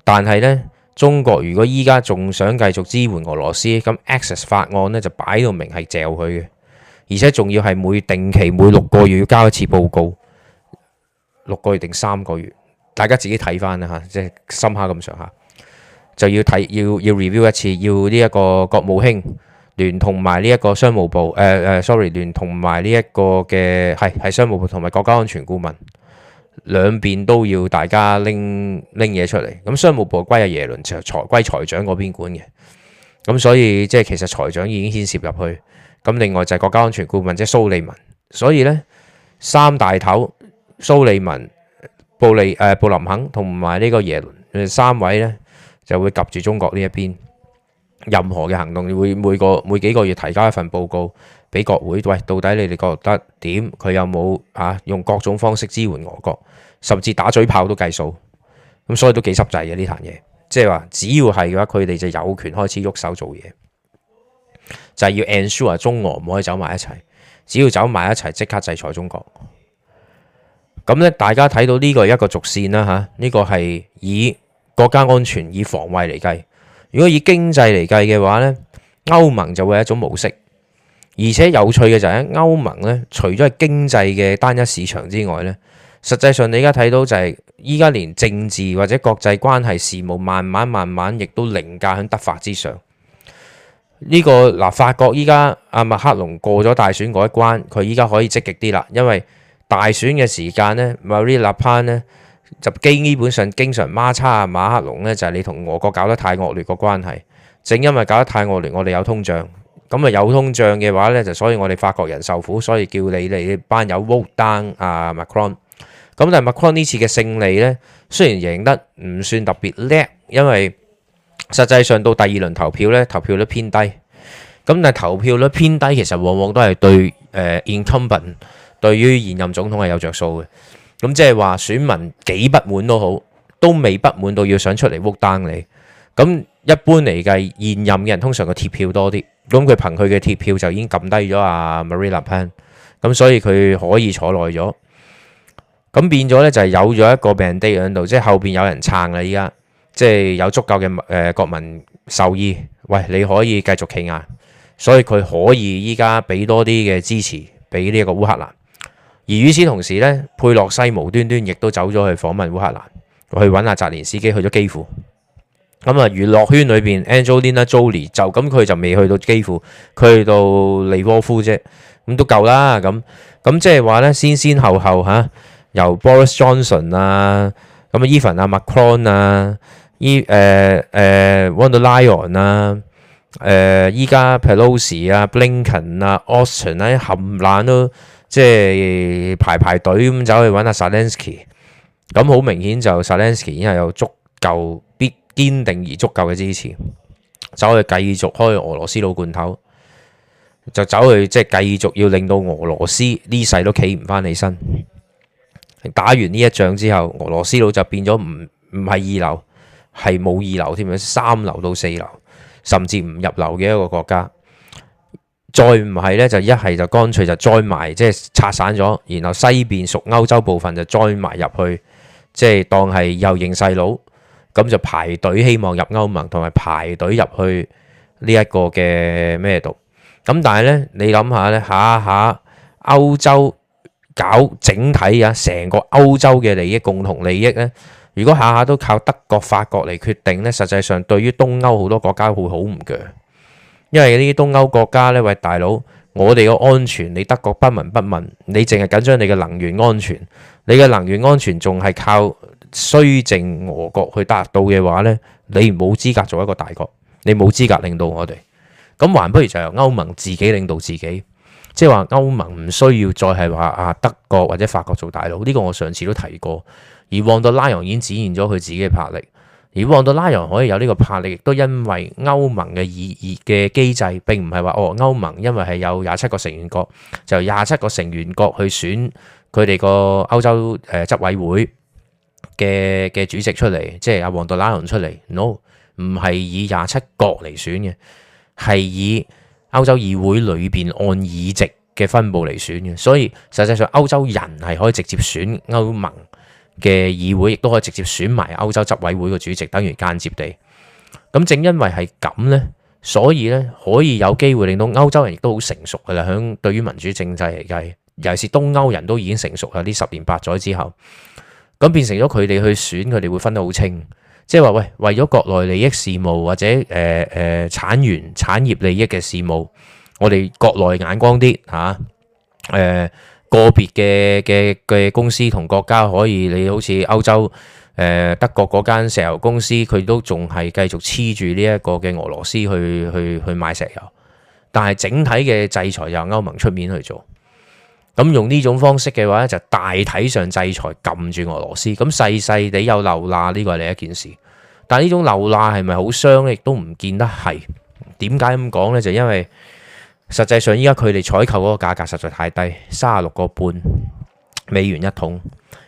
但係呢，中國如果依家仲想繼續支援俄羅斯，咁 AXIS 法案呢就擺到明係嚼佢嘅，而且仲要係每定期每六個月要交一次報告，六個月定三個月，大家自己睇翻啊。吓，即係深刻咁上下，就要睇要要 review 一次，要呢一個國務卿。聯同埋呢一個商務部，誒誒，sorry，聯同埋呢一個嘅係係商務部同埋國家安全顧問，兩邊都要大家拎拎嘢出嚟。咁商務部歸阿耶倫財財歸財長嗰邊管嘅，咁所以即係其實財長已經牽涉入去。咁另外就係國家安全顧問即係蘇利文，所以呢三大頭蘇利文、布利誒布林肯同埋呢個耶倫，三位呢就會夾住中國呢一邊。任何嘅行動，會每個每幾個月提交一份報告俾國會。喂，到底你哋覺得點？佢有冇啊？用各種方式支援俄國，甚至打嘴炮都計數。咁、啊、所以都幾濕滯嘅呢壇嘢，即係話只要係嘅話，佢哋就有權開始喐手做嘢，就係、是、要 ensure 中俄唔可以走埋一齊。只要走埋一齊，即刻制裁中國。咁咧，大家睇到呢個一個軸線啦嚇，呢、啊呢個係以國家安全以防衞嚟計。如果以經濟嚟計嘅話呢，歐盟就會係一種模式，而且有趣嘅就係喺歐盟咧，除咗係經濟嘅單一市場之外呢，實際上你而家睇到就係依家連政治或者國際關係事務慢慢慢慢亦都凌駕喺德法之上。呢、這個嗱、呃、法國依家阿麥克龍過咗大選嗰一關，佢依家可以積極啲啦，因為大選嘅時間咧，冇啲勒龐呢。Marie 集機基本上經常馬叉啊馬克龍咧，就係你同俄國搞得太惡劣個關係，正因為搞得太惡劣，我哋有通脹，咁啊有通脹嘅話咧就所以我哋法國人受苦，所以叫你哋班友 vote down 啊 Macron。咁但係 Macron 呢次嘅勝利咧，雖然贏得唔算特別叻，因為實際上到第二輪投票咧，投票率偏低，咁但係投票率偏低其實往往都係對誒、呃、incumbent 對於現任總統係有着數嘅。咁即係話選民幾不滿都好，都未不滿到要想出嚟 vote down 你。咁一般嚟計，現任嘅人通常個鐵票多啲，咁佢憑佢嘅鐵票就已經撳低咗阿 Marie Le Pen，咁所以佢可以坐耐咗。咁變咗咧就係有咗一個 mandate 喺度，即係後邊有人撐啦。依家即係有足夠嘅誒國民授意，喂你可以繼續企硬，所以佢可以依家俾多啲嘅支持俾呢一個烏克蘭。而與此同時咧，佩洛西無端端亦都走咗去訪問烏克蘭，去揾阿澤連斯基去咗基輔。咁、嗯、啊，娛樂圈裏邊，Angelina Jolie 就咁佢、嗯、就未去到基輔，佢去到利沃夫啫。咁、嗯、都夠啦。咁咁即係話咧，先先後後吓、啊，由 Boris Johnson 啊，咁啊 Evan 啊，Macron 啊，依誒誒，Von der Leyen 啊，誒依家 Pelosi 啊，Blinken 啊，啊，osi，啊，Blinken，啊，Austin 啊，冚唥都。即係排排隊咁走去揾阿 Zelensky，咁好明顯就沙廉斯基，已經係有足夠必堅定而足夠嘅支持，走去繼續開俄羅斯佬罐頭，就走去即係繼續要令到俄羅斯呢世都企唔翻起身。打完呢一仗之後，俄羅斯佬就變咗唔唔係二流，係冇二流添，三流到四流，甚至唔入流嘅一個國家。再唔係咧，就一係就乾脆就栽埋，即係拆散咗，然後西邊屬歐洲部分就栽埋入去，即係當係又認細佬，咁就排隊希望入歐盟同埋排隊入去呢一個嘅咩度？咁但係咧，你諗下咧，下下歐洲搞整體啊，成個歐洲嘅利益共同利益咧，如果下下都靠德國、法國嚟決定咧，實際上對於東歐好多國家會好唔鋸。因為呢啲東歐國家呢，喂，大佬，我哋嘅安全你德國不聞不問，你淨係緊張你嘅能源安全，你嘅能源安全仲係靠衰政俄國去達到嘅話呢，你冇資格做一個大國，你冇資格領導我哋，咁還不如就由歐盟自己領導自己，即係話歐盟唔需要再係話啊德國或者法國做大佬，呢個我上次都提過，而旺到拉揚已經展現咗佢自己嘅魄力。而馮德萊恩可以有呢個魄力，亦都因為歐盟嘅議議嘅機制並唔係話哦，歐盟因為係有廿七個成員國，就廿七個成員國去選佢哋個歐洲誒執、呃、委會嘅嘅主席出嚟，即係阿馮德萊恩出嚟。No，唔係以廿七國嚟選嘅，係以歐洲議會裏邊按議席嘅分佈嚟選嘅。所以實際上歐洲人係可以直接選歐盟嘅議會亦都可以直接選埋歐洲執委會嘅主席，等於間接地咁，正因為係咁呢，所以呢，可以有機會令到歐洲人亦都好成熟噶啦。響對於民主政制嚟計，尤其是東歐人都已經成熟啦。呢十年八載之後，咁變成咗佢哋去選，佢哋會分得好清，即係話喂，為咗國內利益事務或者誒誒、呃呃、產源產業利益嘅事務，我哋國內眼光啲嚇誒。啊呃個別嘅嘅嘅公司同國家可以，你好似歐洲，誒、呃、德國嗰間石油公司，佢都仲係繼續黐住呢一個嘅俄羅斯去去去買石油，但係整體嘅制裁由歐盟出面去做。咁、嗯、用呢種方式嘅話，就大體上制裁撳住俄羅斯，咁、嗯、細細哋有漏罅，呢個係另一件事。但係呢種漏罅係咪好傷？亦都唔見得係。點解咁講呢？就因為。實際上，依家佢哋採購嗰個價格實在太低，三十六個半美元一桶。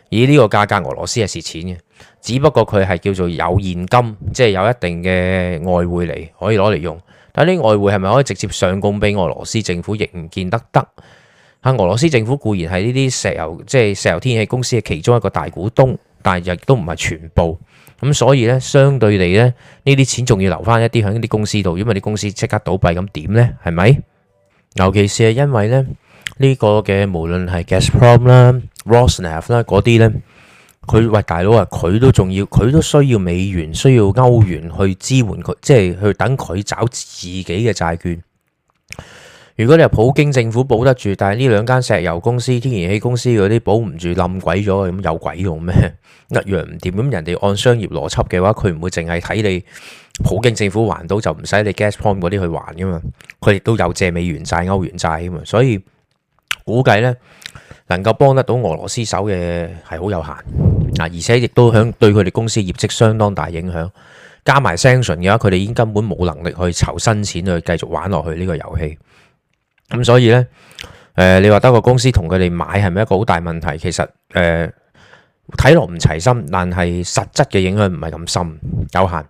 以呢個價格，俄羅斯係蝕錢嘅。只不過佢係叫做有現金，即係有一定嘅外匯嚟可以攞嚟用。但係呢外匯係咪可以直接上供俾俄羅斯政府，亦唔見得得嚇。俄羅斯政府固然係呢啲石油即係石油天然氣公司嘅其中一個大股東，但係亦都唔係全部咁，所以呢，相對地呢，呢啲錢仲要留翻一啲喺呢啲公司度，因為啲公司即刻倒閉咁點呢？係咪？尤其是係因為咧，呢個嘅無論係 Gasprom 啦、Rosneft 啦嗰啲咧，佢喂大佬啊，佢都仲要，佢都需要美元、需要歐元去支援佢，即係去等佢找自己嘅債券。如果你話普京政府保得住，但係呢兩間石油公司、天然氣公司嗰啲保唔住冧鬼咗，咁有鬼用咩？一樣唔掂。咁人哋按商業邏輯嘅話，佢唔會淨係睇你。普京政府還到就唔使你 Gaspoint 嗰啲去還噶嘛？佢哋都有借美元債、歐元債啊嘛，所以估計呢，能夠幫得到俄羅斯手嘅係好有限啊，而且亦都響對佢哋公司業績相當大影響。加埋 Sanction 嘅話，佢哋已經根本冇能力去籌新錢去繼續玩落去呢個遊戲。咁、嗯、所以呢，誒、呃、你話德國公司同佢哋買係咪一個好大問題？其實誒睇落唔齊心，但係實質嘅影響唔係咁深，有限。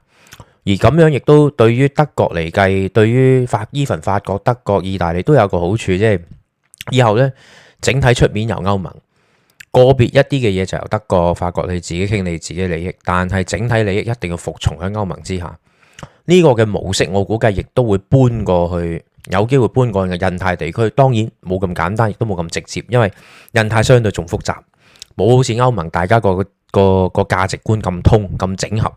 而咁樣亦都對於德國嚟計，對於法依份法國、德國、意大利都有個好處，即係以後咧，整體出面由歐盟，個別一啲嘅嘢就由德國、法國你自己傾，你自己嘅利益。但係整體利益一定要服從喺歐盟之下。呢個嘅模式，我估計亦都會搬過去，有機會搬過去印太地區。當然冇咁簡單，亦都冇咁直接，因為印太相對仲複雜，冇好似歐盟大家個個個價值觀咁通咁整合。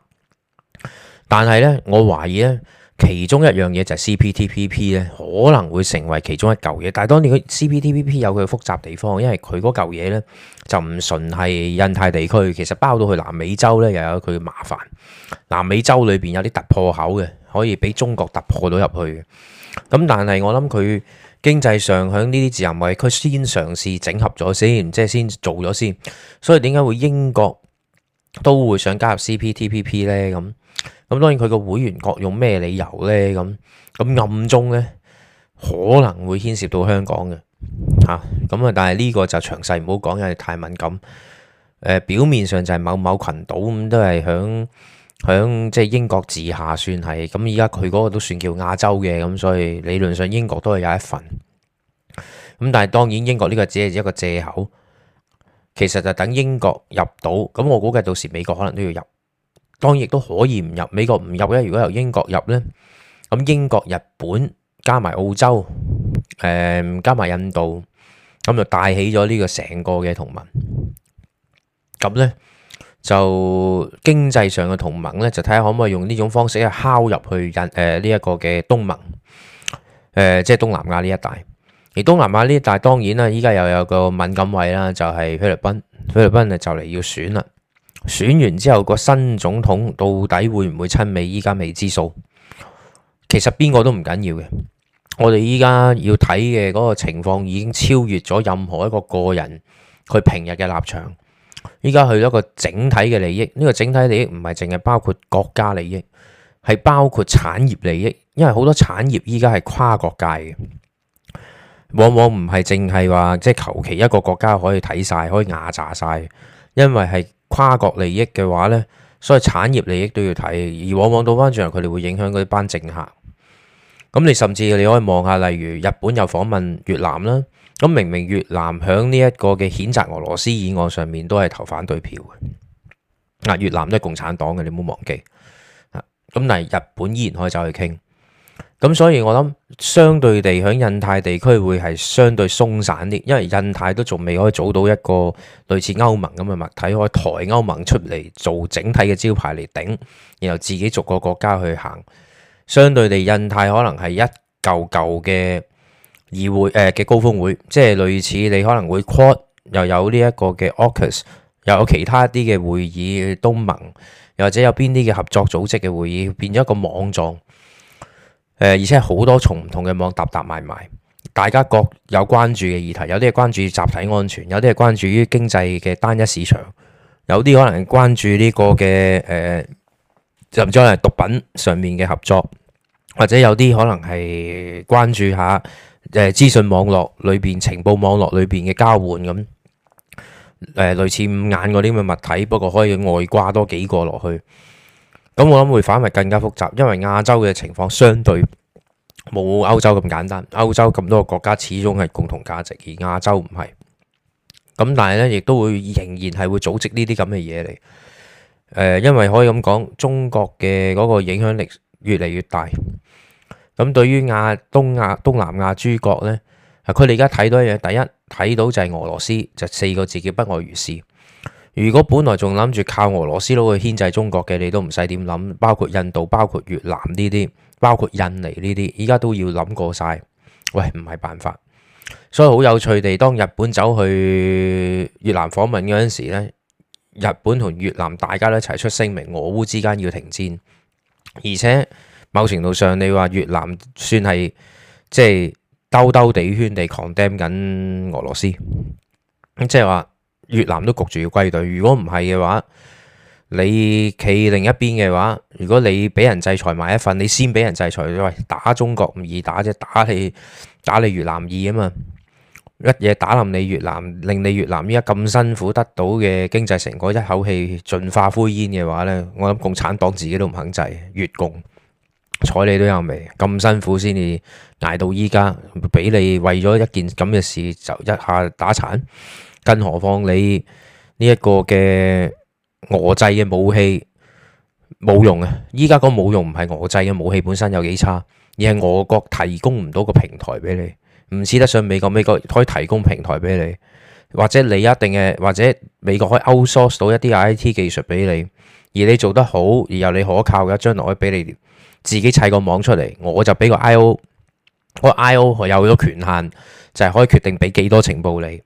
但係咧，我懷疑咧，其中一樣嘢就係 CPTPP 咧，可能會成為其中一舊嘢。但係當年佢 CPTPP 有佢複雜地方，因為佢嗰舊嘢咧就唔純係印太地區，其實包到去南美洲咧，又有佢嘅麻煩。南美洲裏邊有啲突破口嘅，可以俾中國突破到入去。咁但係我諗佢經濟上喺呢啲自由貿易區先嘗試整合咗先，即係先做咗先，所以點解會英國都會想加入 CPTPP 咧？咁、嗯。咁當然佢個會員國用咩理由咧？咁咁暗中咧，可能會牽涉到香港嘅吓。咁啊，但係呢個就詳細唔好講，因為太敏感。誒、呃、表面上就係某某群島咁，都係響響即係英國治下算係。咁依家佢嗰個都算叫亞洲嘅，咁所以理論上英國都係有一份。咁但係當然英國呢個只係一個借口，其實就等英國入到。咁我估計到時美國可能都要入。當然亦都可以唔入，美國唔入嘅。如果由英國入咧，咁英國、日本加埋澳洲，誒、嗯、加埋印度，咁就帶起咗呢個成個嘅同盟。咁咧就經濟上嘅同盟咧，就睇下可唔可以用呢種方式去敲入去印誒呢一個嘅東盟，誒、呃、即係東南亞呢一帶。而東南亞呢一帶當然啦，依家又有個敏感位啦，就係、是、菲律賓，菲律賓就嚟要選啦。選完之後，個新總統到底會唔會親美？依家未知數。其實邊個都唔緊要嘅。我哋依家要睇嘅嗰個情況已經超越咗任何一個個人佢平日嘅立場。依家去一個整體嘅利益，呢個整體利益唔係淨係包括國家利益，係包括產業利益。因為好多產業依家係跨國界嘅，往往唔係淨係話即係求其一個國家可以睇晒，可以壓榨晒，因為係。跨國利益嘅話呢，所以產業利益都要睇，而往往倒翻轉頭，佢哋會影響嗰啲班政客。咁你甚至你可以望下，例如日本又訪問越南啦。咁明明越南響呢一個嘅譴責俄羅斯議案上面都係投反對票嘅。嗱，越南都係共產黨嘅，你唔好忘記。咁但係日本依然可以走去傾。咁所以，我諗相對地，喺印太地區會係相對鬆散啲，因為印太都仲未可以組到一個類似歐盟咁嘅物體，開台歐盟出嚟做整體嘅招牌嚟頂，然後自己逐個國家去行。相對地，印太可能係一舊舊嘅議會誒嘅高峰會，即係類似你可能會 Quad 又有呢一個嘅 AUKUS，又有其他啲嘅會議，東盟又或者有邊啲嘅合作組織嘅會議，變咗一個網狀。誒，而且好多從唔同嘅網搭搭埋埋，大家各有關注嘅議題，有啲係關注集體安全，有啲係關注於經濟嘅單一市場，有啲可能係關注呢個嘅誒、呃，甚至係毒品上面嘅合作，或者有啲可能係關注下誒資訊網絡裏邊情報網絡裏邊嘅交換咁，誒、呃、類似五眼嗰啲咁嘅物體，不過可以外掛多幾個落去。咁我諗會反為更加複雜，因為亞洲嘅情況相對冇歐洲咁簡單。歐洲咁多個國家始終係共同價值，而亞洲唔係。咁但係咧，亦都會仍然係會組織呢啲咁嘅嘢嚟。誒，因為可以咁講，中國嘅嗰個影響力越嚟越大。咁對於亞東亞、東南亞諸國咧，佢哋而家睇到嘅嘢，第一睇到就係俄羅斯，就四個字叫不外如是。如果本來仲諗住靠俄羅斯佬去牽制中國嘅，你都唔使點諗。包括印度、包括越南呢啲，包括印尼呢啲，依家都要諗過晒。喂，唔係辦法。所以好有趣地，當日本走去越南訪問嗰陣時咧，日本同越南大家都一齊出聲明，俄烏之間要停戰。而且某程度上，你話越南算係即係兜兜地圈地 condemn 緊俄羅斯，即係話。越南都焗住要歸隊。如果唔係嘅話，你企另一邊嘅話，如果你俾人制裁埋一份，你先俾人制裁。喂，打中國唔易打啫，打你打你越南易啊嘛。一嘢打冧你越南，令你越南依家咁辛苦得到嘅經濟成果，一口氣盡化灰煙嘅話呢，我諗共產黨自己都唔肯制。越共睬你都有味，咁辛苦先至挨到依家，俾你為咗一件咁嘅事就一下打殘。更何況你呢一個嘅俄製嘅武器冇用啊！依家個冇用唔係俄製嘅武器本身有幾差，而係俄國提供唔到個平台俾你，唔似得上美國。美國可以提供平台俾你，或者你一定嘅，或者美國可以 outsource 到一啲 IT 技術俾你，而你做得好而有你可靠嘅，將來可以俾你自己砌個網出嚟。我就俾個 IO 個 IO 有咗權限，就係可以決定俾幾多情報你。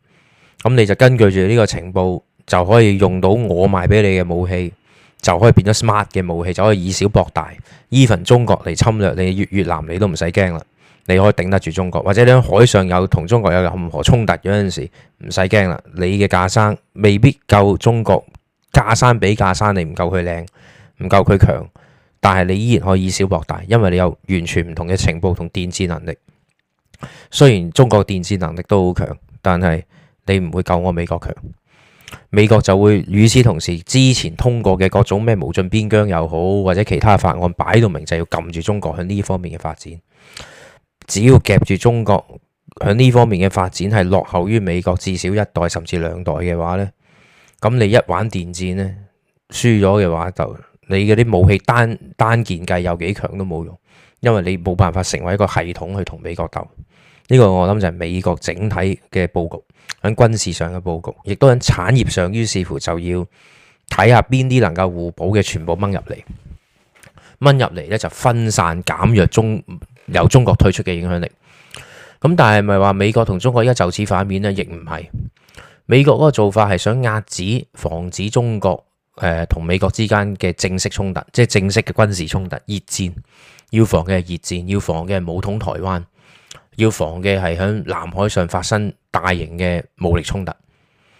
咁你就根據住呢個情報就可以用到我賣俾你嘅武器，就可以變咗 smart 嘅武器，就可以以小博大。Even 中國嚟侵略你越越南，你都唔使驚啦，你可以頂得住中國。或者你喺海上有同中國有任何衝突嗰陣時，唔使驚啦。你嘅架生未必夠中國架生比架生你夠，你唔夠佢靚，唔夠佢強，但係你依然可以以小博大，因為你有完全唔同嘅情報同電子能力。雖然中國電子能力都好強，但係。你唔會救我，美國強，美國就會，與此同時之前通過嘅各種咩無盡邊疆又好，或者其他法案擺到明，就要撳住中國喺呢方面嘅發展。只要夾住中國喺呢方面嘅發展係落後於美國至少一代甚至兩代嘅話呢，咁你一玩電戰呢，輸咗嘅話就你嗰啲武器單單件計有幾強都冇用，因為你冇辦法成為一個系統去同美國鬥。呢個我諗就係美國整體嘅佈局。喺軍事上嘅布局，亦都喺產業上，於是乎就要睇下邊啲能夠互補嘅，全部掹入嚟，掹入嚟咧就分散減弱中由中國推出嘅影響力。咁但係咪話美國同中國依家就此反面呢？亦唔係，美國嗰個做法係想壓止、防止中國誒同美國之間嘅正式衝突，即係正式嘅軍事衝突、熱戰，要防嘅係熱戰，要防嘅係武統台灣，要防嘅係喺南海上發生大型嘅武力衝突，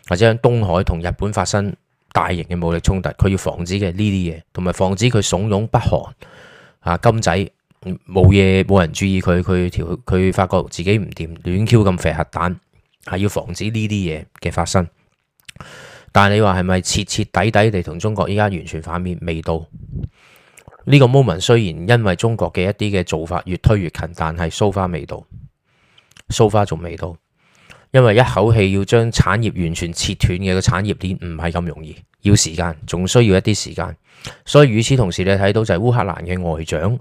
或者喺東海同日本發生大型嘅武力衝突，佢要防止嘅呢啲嘢，同埋防止佢慫恿北韓啊金仔，冇嘢冇人注意佢，佢條佢發覺自己唔掂亂 Q 咁肥核彈，係要防止呢啲嘢嘅發生。但係你話係咪徹徹底底地同中國依家完全反面未到？呢個 moment 雖然因為中國嘅一啲嘅做法越推越近，但係收花未到，收花仲未到。因為一口氣要將產業完全切斷嘅個產業鏈唔係咁容易，要時間，仲需要一啲時間。所以與此同時，你睇到就係烏克蘭嘅外長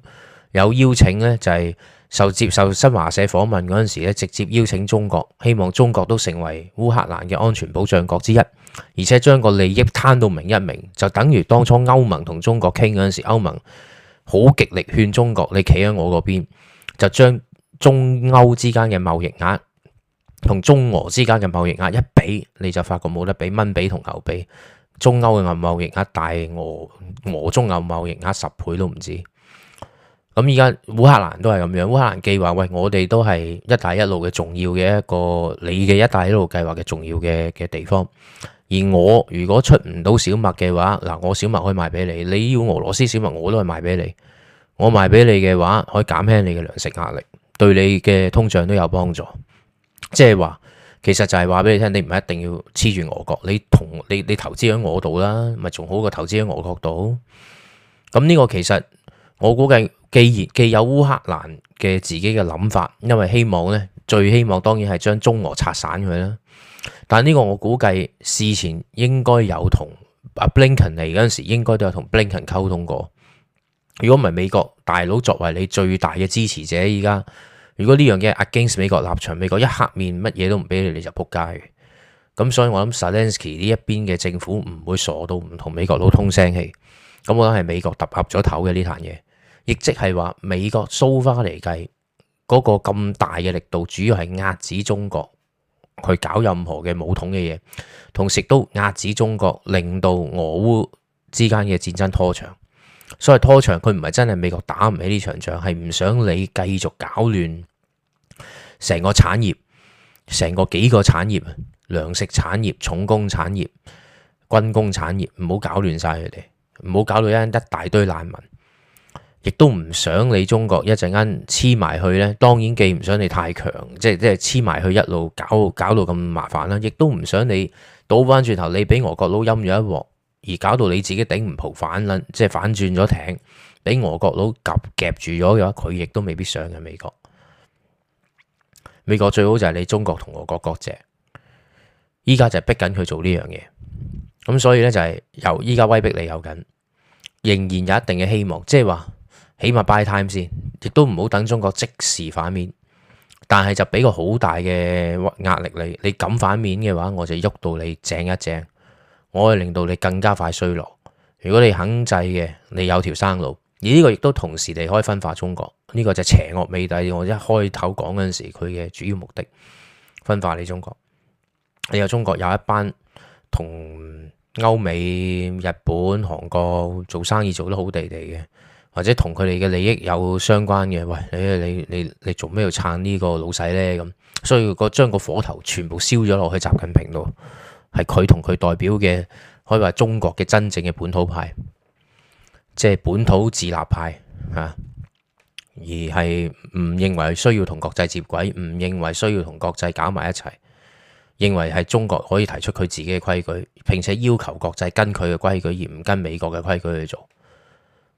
有邀請呢，就係受接受新華社訪問嗰陣時咧，直接邀請中國，希望中國都成為烏克蘭嘅安全保障國之一，而且將個利益攤到明一明，就等於當初歐盟同中國傾嗰陣時，歐盟好極力勸中國，你企喺我嗰邊，就將中歐之間嘅貿易額。同中俄之間嘅貿易額一比，你就發覺冇得比，蚊比同牛比。中歐嘅貿易額大，俄，俄中歐貿易額十倍都唔止。咁而家烏克蘭都係咁樣，烏克蘭計劃，喂，我哋都係一帶一路嘅重要嘅一個你嘅一帶一路計劃嘅重要嘅嘅地方。而我如果出唔到小麥嘅話，嗱，我小麥可以賣俾你，你要俄羅斯小麥我都係賣俾你。我賣俾你嘅話，可以減輕你嘅糧食壓力，對你嘅通脹都有幫助。即係話，其實就係話俾你聽，你唔一定要黐住俄國，你同你你投資喺我度啦，咪仲好過投資喺俄國度。咁呢個其實我估計，既然既有烏克蘭嘅自己嘅諗法，因為希望呢，最希望當然係將中俄拆散佢啦。但呢個我估計事前應該有同阿、啊、Blinken 嚟嗰陣時，應該都有同 Blinken 溝通過。如果唔係美國大佬作為你最大嘅支持者，依家。如果呢樣嘢 against 美國立場，美國一黑面，乜嘢都唔俾你，你就撲街嘅。咁所以我諗 Zelensky 呢一邊嘅政府唔會傻到唔同美國都通聲氣。咁我諗係美國揼合咗頭嘅呢壇嘢，亦即係話美國蘇花嚟計嗰個咁大嘅力度，主要係壓止中國去搞任何嘅武統嘅嘢，同時都壓止中國，令到俄烏之間嘅戰爭拖長。所以拖長佢唔係真係美國打唔起呢場仗，係唔想你繼續搞亂成個產業，成個幾個產業，糧食產業、重工產業、軍工產業，唔好搞亂晒佢哋，唔好搞到一一大堆難民。亦都唔想你中國一陣間黐埋去咧，當然既唔想你太強，即係即係黐埋去一路搞搞到咁麻煩啦，亦都唔想你倒翻轉頭你俾俄國佬陰咗一鑊。而搞到你自己頂唔蒲反撚，即係反轉咗艇，俾俄國佬夾，夾住咗嘅話，佢亦都未必上嘅美國。美國最好就係你中國同俄國角正，依家就係逼緊佢做呢樣嘢。咁所以呢，就係、是、由依家威逼你有緊，仍然有一定嘅希望，即係話起碼 buy time 先，亦都唔好等中國即時反面。但係就俾個好大嘅壓力你，你敢反面嘅話，我就喐到你正一正。我可以令到你更加快衰落。如果你肯制嘅，你有條生路。而呢個亦都同時地可以分化中國。呢、這個就邪惡美帝。我一開頭講嗰陣時，佢嘅主要目的分化你中國。你有中國有一班同歐美、日本、韓國做生意做得好地地嘅，或者同佢哋嘅利益有相關嘅。喂，你你你你做咩要撐呢個老細呢？咁所以個將個火頭全部燒咗落去習近平度。係佢同佢代表嘅，可以話中國嘅真正嘅本土派，即係本土自立派啊，而係唔認為需要同國際接軌，唔認為需要同國際搞埋一齊，認為係中國可以提出佢自己嘅規矩，並且要求國際跟佢嘅規矩，而唔跟美國嘅規矩去做。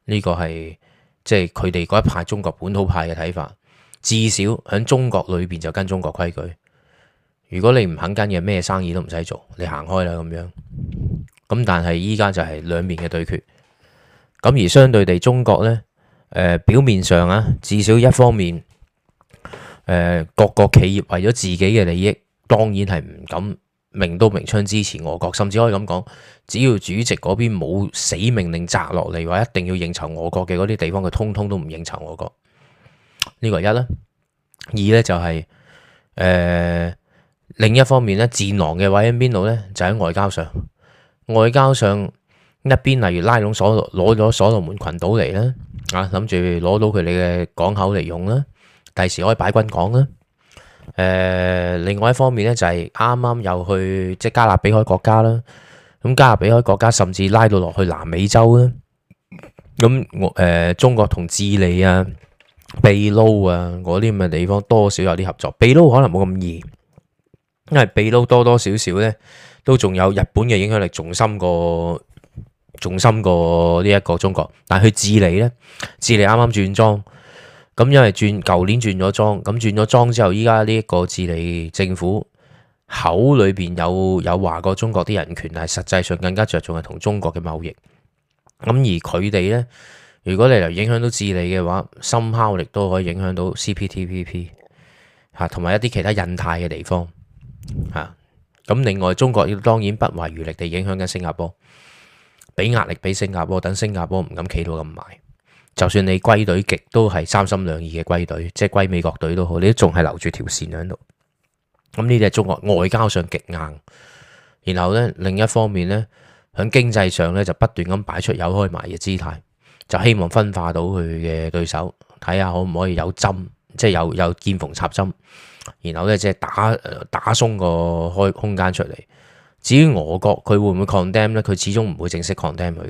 呢個係即係佢哋嗰一派中國本土派嘅睇法，至少喺中國裏邊就跟中國規矩。如果你唔肯跟嘅，咩生意都唔使做，你行開啦咁樣。咁但係依家就係兩面嘅對決。咁而相對地，中國咧，誒、呃、表面上啊，至少一方面，誒、呃、各個企業為咗自己嘅利益，當然係唔敢明刀明槍支持俄國，甚至可以咁講，只要主席嗰邊冇死命令摘落嚟，話一定要應酬俄國嘅嗰啲地方，佢通通都唔應酬俄國。呢個一咧，二咧就係、是，誒、呃。另一方面咧，戰狼嘅位喺邊度咧？就喺外交上，外交上一邊例如拉攏所攞咗所羅門群島嚟啦，啊諗住攞到佢哋嘅港口嚟用啦，第時可以擺軍港啦。誒、啊，另外一方面咧，就係啱啱又去即係加勒比海國家啦，咁加勒比海國家甚至拉到落去南美洲啦。咁我誒中國同智利啊、秘魯啊嗰啲咁嘅地方，多少有啲合作。秘魯可能冇咁易。因為秘魯多多少少咧，都仲有日本嘅影響力重深過重深過呢一個中國。但係去智利咧，智利啱啱轉莊，咁因為轉舊年轉咗莊，咁轉咗莊之後，依家呢一個智利政府口裏邊有有話過中國啲人權，但係實際上更加着重係同中國嘅貿易。咁而佢哋咧，如果你嚟影響到智利嘅話，深拋力都可以影響到 CPTPP，嚇，同埋一啲其他印太嘅地方。啊！咁另外，中國當然不遺餘力地影響緊新加坡，俾壓力俾新加坡，等新加坡唔敢企到咁埋。就算你歸隊極都係三心兩意嘅歸隊，即係歸美國隊都好，你都仲係留住條線喺度。咁呢啲係中國外交上極硬。然後呢，另一方面呢，響經濟上呢，就不斷咁擺出有開埋嘅姿態，就希望分化到佢嘅對手，睇下可唔可以有針，即係有有見縫插針。然後咧，即係打，誒，打鬆個開空間出嚟。至於俄國佢會唔會 condemn 咧？佢始終唔會正式 condemn 佢，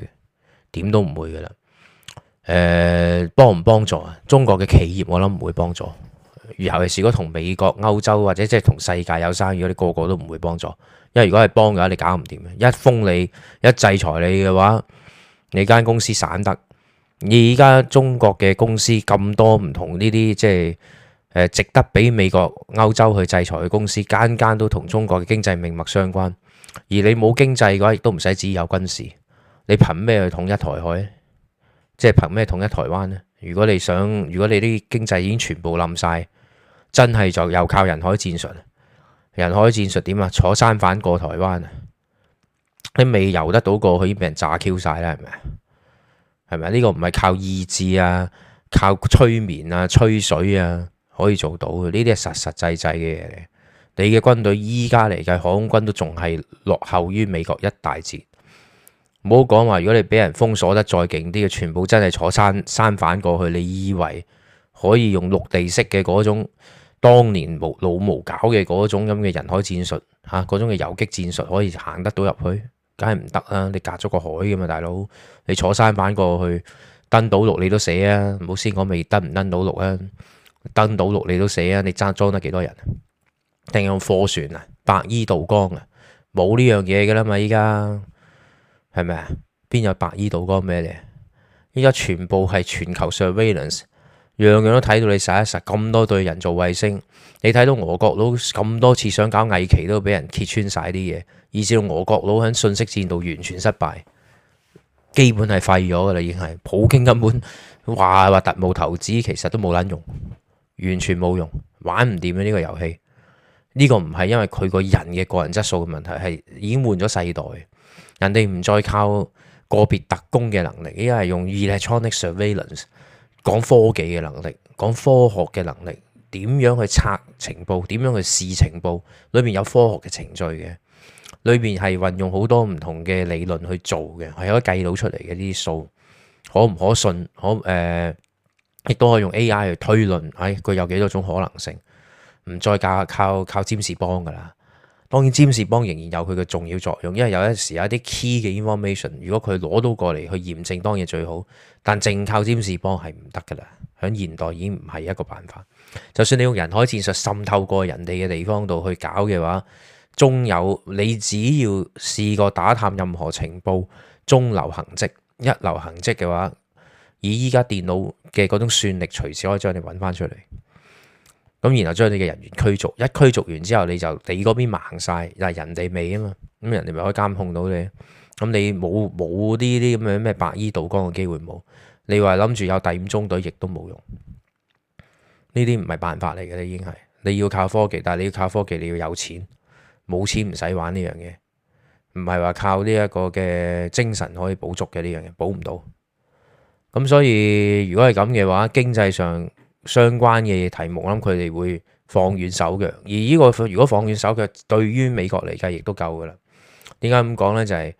點都唔會噶啦。誒、呃，幫唔幫助啊？中國嘅企業我諗唔會幫助，尤其是如果同美國、歐洲或者即係同世界有生意嗰啲個個都唔會幫助。因為如果係幫嘅話，你搞唔掂。一封你，一制裁你嘅話，你間公司散得。而家中國嘅公司咁多唔同呢啲即係。誒，值得俾美國、歐洲去制裁嘅公司，間間都同中國嘅經濟命脈相關。而你冇經濟嘅話，亦都唔使只有軍事。你憑咩去統,統一台海？即係憑咩統一台灣咧？如果你想，如果你啲經濟已經全部冧晒，真係就又靠人海戰術。人海戰術點啊？坐山反過台灣啊？你未游得到過，去，已經俾人炸 Q 晒啦，係咪？係咪？呢、呢個唔係靠意志啊，靠催眠啊，吹水啊？可以做到嘅，呢啲係實實際際嘅嘢。你嘅軍隊依家嚟計，海空軍都仲係落後於美國一大截。唔好講話，如果你俾人封鎖得再勁啲嘅，全部真係坐山山反過去，你以為可以用陸地式嘅嗰種當年冇老毛搞嘅嗰種咁嘅人海戰術嚇，嗰、啊、種嘅遊擊戰術可以行得到入去，梗係唔得啦！你隔咗個海噶嘛，大佬，你坐山反過去登島陸你都死啊！唔好先講未登唔登到陸啊！登島落你都死啊！你爭裝得幾多人？定用貨船啊？白衣渡江啊？冇呢樣嘢嘅啦嘛！依家係咪啊？邊有白衣渡江咩你，依家全部係全球 surveillance，樣樣都睇到你實一實咁多隊人造衛星，你睇到俄國佬咁多次想搞偽旗，都俾人揭穿晒啲嘢，以至俄國佬喺信息戰度完全失敗，基本係廢咗噶啦，已經係普京根本話話特務投資，其實都冇撚用。完全冇用，玩唔掂呢個遊戲，呢、這個唔係因為佢個人嘅個人質素嘅問題，係已經換咗世代。人哋唔再靠個別特工嘅能力，而係用 electronic surveillance 講科技嘅能力，講科學嘅能力，點樣去拆情報，點樣去試情報，裏面有科學嘅程序嘅，裏面係運用好多唔同嘅理論去做嘅，係可以計到出嚟嘅。呢啲數，可唔可信？可誒？呃亦都可以用 A.I. 去推論，哎，佢有幾多種可能性？唔再架靠靠占士邦噶啦。當然，占士邦仍然有佢嘅重要作用，因為有一時有一啲 key 嘅 information，如果佢攞到過嚟去驗證，當然最好。但淨靠占士邦係唔得噶啦，響現代已經唔係一個辦法。就算你用人海戰術滲透過人哋嘅地方度去搞嘅話，終有你只要試過打探任何情報，終留痕跡，一留痕跡嘅話。以依家電腦嘅嗰種算力，隨時可以將你揾翻出嚟。咁然後將你嘅人員驅逐，一驅逐完之後，你就你嗰邊盲晒，但係人哋未啊嘛。咁人哋咪可以監控到你。咁你冇冇呢啲咁樣咩白衣渡江嘅機會冇。你話諗住有第五中隊，亦都冇用。呢啲唔係辦法嚟嘅，已經係你要靠科技，但係你要靠科技，你要有錢，冇錢唔使玩呢樣嘢。唔係話靠呢一個嘅精神可以補足嘅呢樣嘢，補唔到。咁所以如果係咁嘅話，經濟上相關嘅題目，我諗佢哋會放軟手腳。而呢、這個如果放軟手腳，對於美國嚟計，亦都夠噶啦。點解咁講咧？就係、是、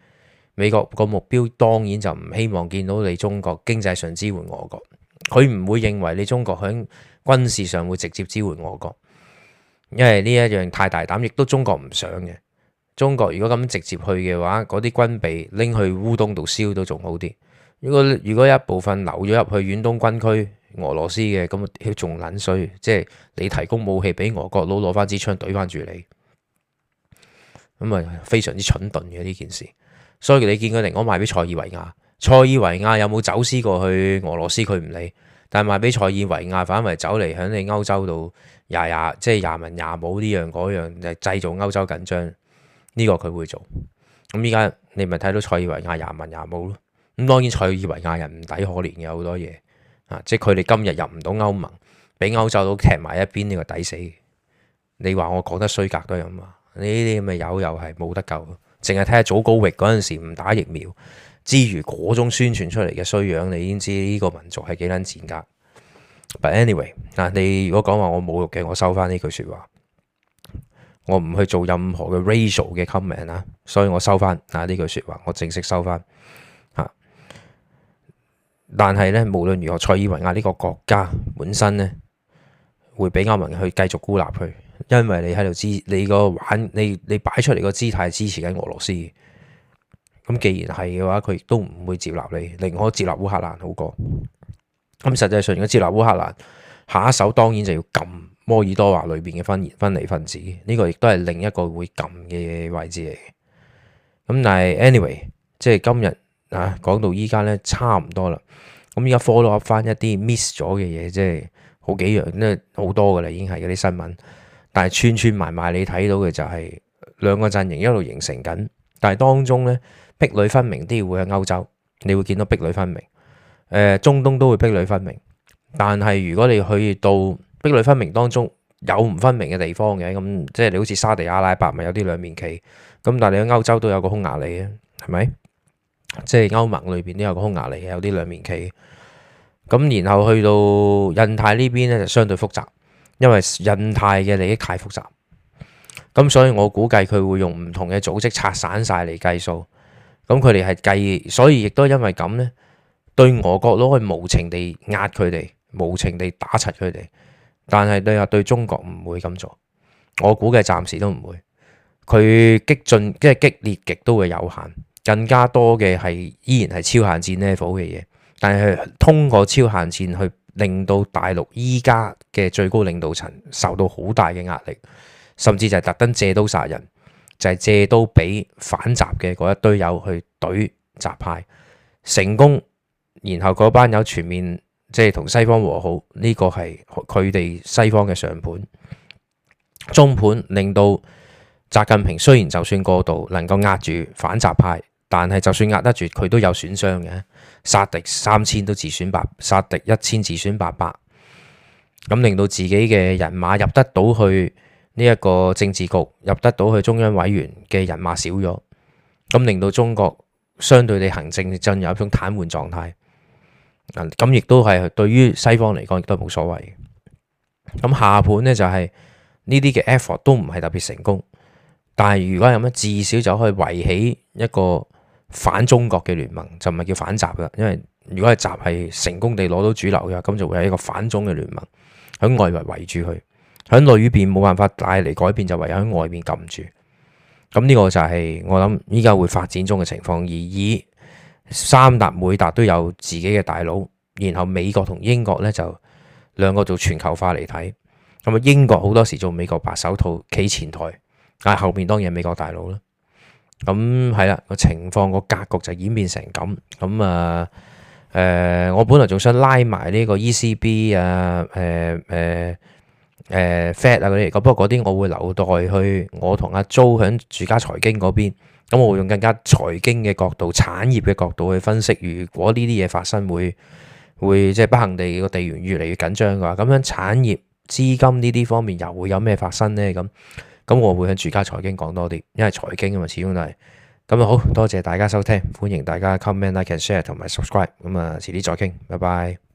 美國個目標當然就唔希望見到你中國經濟上支援俄國，佢唔會認為你中國響軍事上會直接支援俄國，因為呢一樣太大膽，亦都中國唔想嘅。中國如果咁直接去嘅話，嗰啲軍備拎去烏東度燒都仲好啲。如果如果一部分流咗入去遠東軍區俄羅斯嘅，咁佢仲撚衰，即係你提供武器俾俄國佬攞翻支槍懟翻住你，咁咪非常之蠢鈍嘅呢件事。所以你見佢寧可賣俾塞爾維亞，塞爾維亞有冇走私過去俄羅斯佢唔理，但係賣俾塞爾維亞反為走嚟響你歐洲度廿廿即係廿文廿武呢樣嗰樣，就製造歐洲緊張呢個佢會做。咁依家你咪睇到塞爾維亞廿文廿武咯。咁當然，塞爾維亞人唔抵可憐嘅好多嘢啊！即係佢哋今日入唔到歐盟，俾歐洲都踢埋一邊呢個抵死。你話我講得衰格都係咁話。呢啲咁嘅友又係冇得救，淨係睇早高域嗰陣時唔打疫苗之餘，嗰種宣傳出嚟嘅衰樣，你已經知呢個民族係幾撚賤格。But anyway，嗱、啊，你如果講話我侮辱嘅，我收翻呢句説話，我唔去做任何嘅 racial 嘅 comment 啦，所以我收翻嗱呢句説話，我正式收翻。但係咧，無論如何，塞爾維亞呢個國家本身咧，會俾歐盟去繼續孤立佢，因為你喺度支你個玩你你擺出嚟個姿態支持緊俄羅斯。咁既然係嘅話，佢亦都唔會接納你，寧可接納烏克蘭好過。咁實際上如果接納烏克蘭，下一手當然就要撳摩爾多瓦裏邊嘅分分離分子，呢、這個亦都係另一個會撳嘅位置嚟。咁但係 anyway，即係今日。啊，講到依家咧，差唔多啦。咁依家 follow 翻一啲 miss 咗嘅嘢，即係好幾樣，咧好多嘅啦，已經係嗰啲新聞。但係串串埋埋，埋，你睇到嘅就係、是、兩個陣營一路形成緊。但係當中咧，壁壘分明啲會喺歐洲，你會見到壁壘分明。誒、呃，中東都會壁壘分明。但係如果你去到壁壘分明當中有唔分明嘅地方嘅，咁即係你好似沙地阿拉伯咪有啲兩面旗。咁但係你喺歐洲都有個匈牙利啊，係咪？即係歐盟裏邊都有個匈牙利，有啲兩面企。咁。然後去到印太呢邊咧，就相對複雜，因為印太嘅利益太複雜。咁所以我估計佢會用唔同嘅組織拆散晒嚟計數。咁佢哋係計，所以亦都因為咁咧，對俄國都可以無情地壓佢哋，無情地打柒佢哋。但係對啊，對中國唔會咁做。我估計暫時都唔會，佢激進即係激烈極都會有限。更加多嘅係依然係超限戰 level 嘅嘢，但係通過超限戰去令到大陸依家嘅最高領導層受到好大嘅壓力，甚至就係特登借刀殺人，就係、是、借刀俾反習嘅嗰一堆友去懟習派成功，然後嗰班友全面即係、就是、同西方和好，呢、這個係佢哋西方嘅上盤中盤，令到習近平雖然就算過渡能夠壓住反習派。但係就算壓得住，佢都有損傷嘅。殺敵三千都自損八，殺敵一千自損八百。咁令到自己嘅人馬入得到去呢一個政治局，入得到去中央委員嘅人馬少咗。咁令到中國相對地行政進入一種癱瘓狀態。咁亦都係對於西方嚟講亦都冇所謂嘅。咁下盤呢就係呢啲嘅 effort 都唔係特別成功。但係如果咁樣，至少就可以圍起一個。反中國嘅聯盟就唔係叫反習啦，因為如果係習係成功地攞到主流嘅，咁就會係一個反中嘅聯盟，喺外圍圍住佢，喺內裏邊冇辦法帶嚟改變，就唯有喺外邊撳住。咁呢個就係我諗依家會發展中嘅情況。而以三達每達都有自己嘅大佬，然後美國同英國呢，就兩個做全球化嚟睇，咁啊英國好多時做美國白手套企前台，但係後面當然係美國大佬啦。咁係啦，個、嗯、情況個格局就演變成咁。咁、嗯、啊，誒、嗯，我本來仲想拉埋呢個 ECB 啊，誒誒誒，Fed 啊嗰啲嚟講，不過嗰啲我會留待去我同阿租響住家財經嗰邊。咁、嗯、我會用更加財經嘅角度、產業嘅角度去分析，如果呢啲嘢發生會，會會即係不幸地個地緣越嚟越緊張嘅話，咁、嗯、樣、嗯、產業資金呢啲方面又會有咩發生咧？咁、嗯。咁我會喺住家財經講多啲，因為財經啊嘛，始終都係咁啊。好多謝大家收聽，歡迎大家 comment、like、share 同埋 subscribe。咁啊，遲啲再傾，拜拜。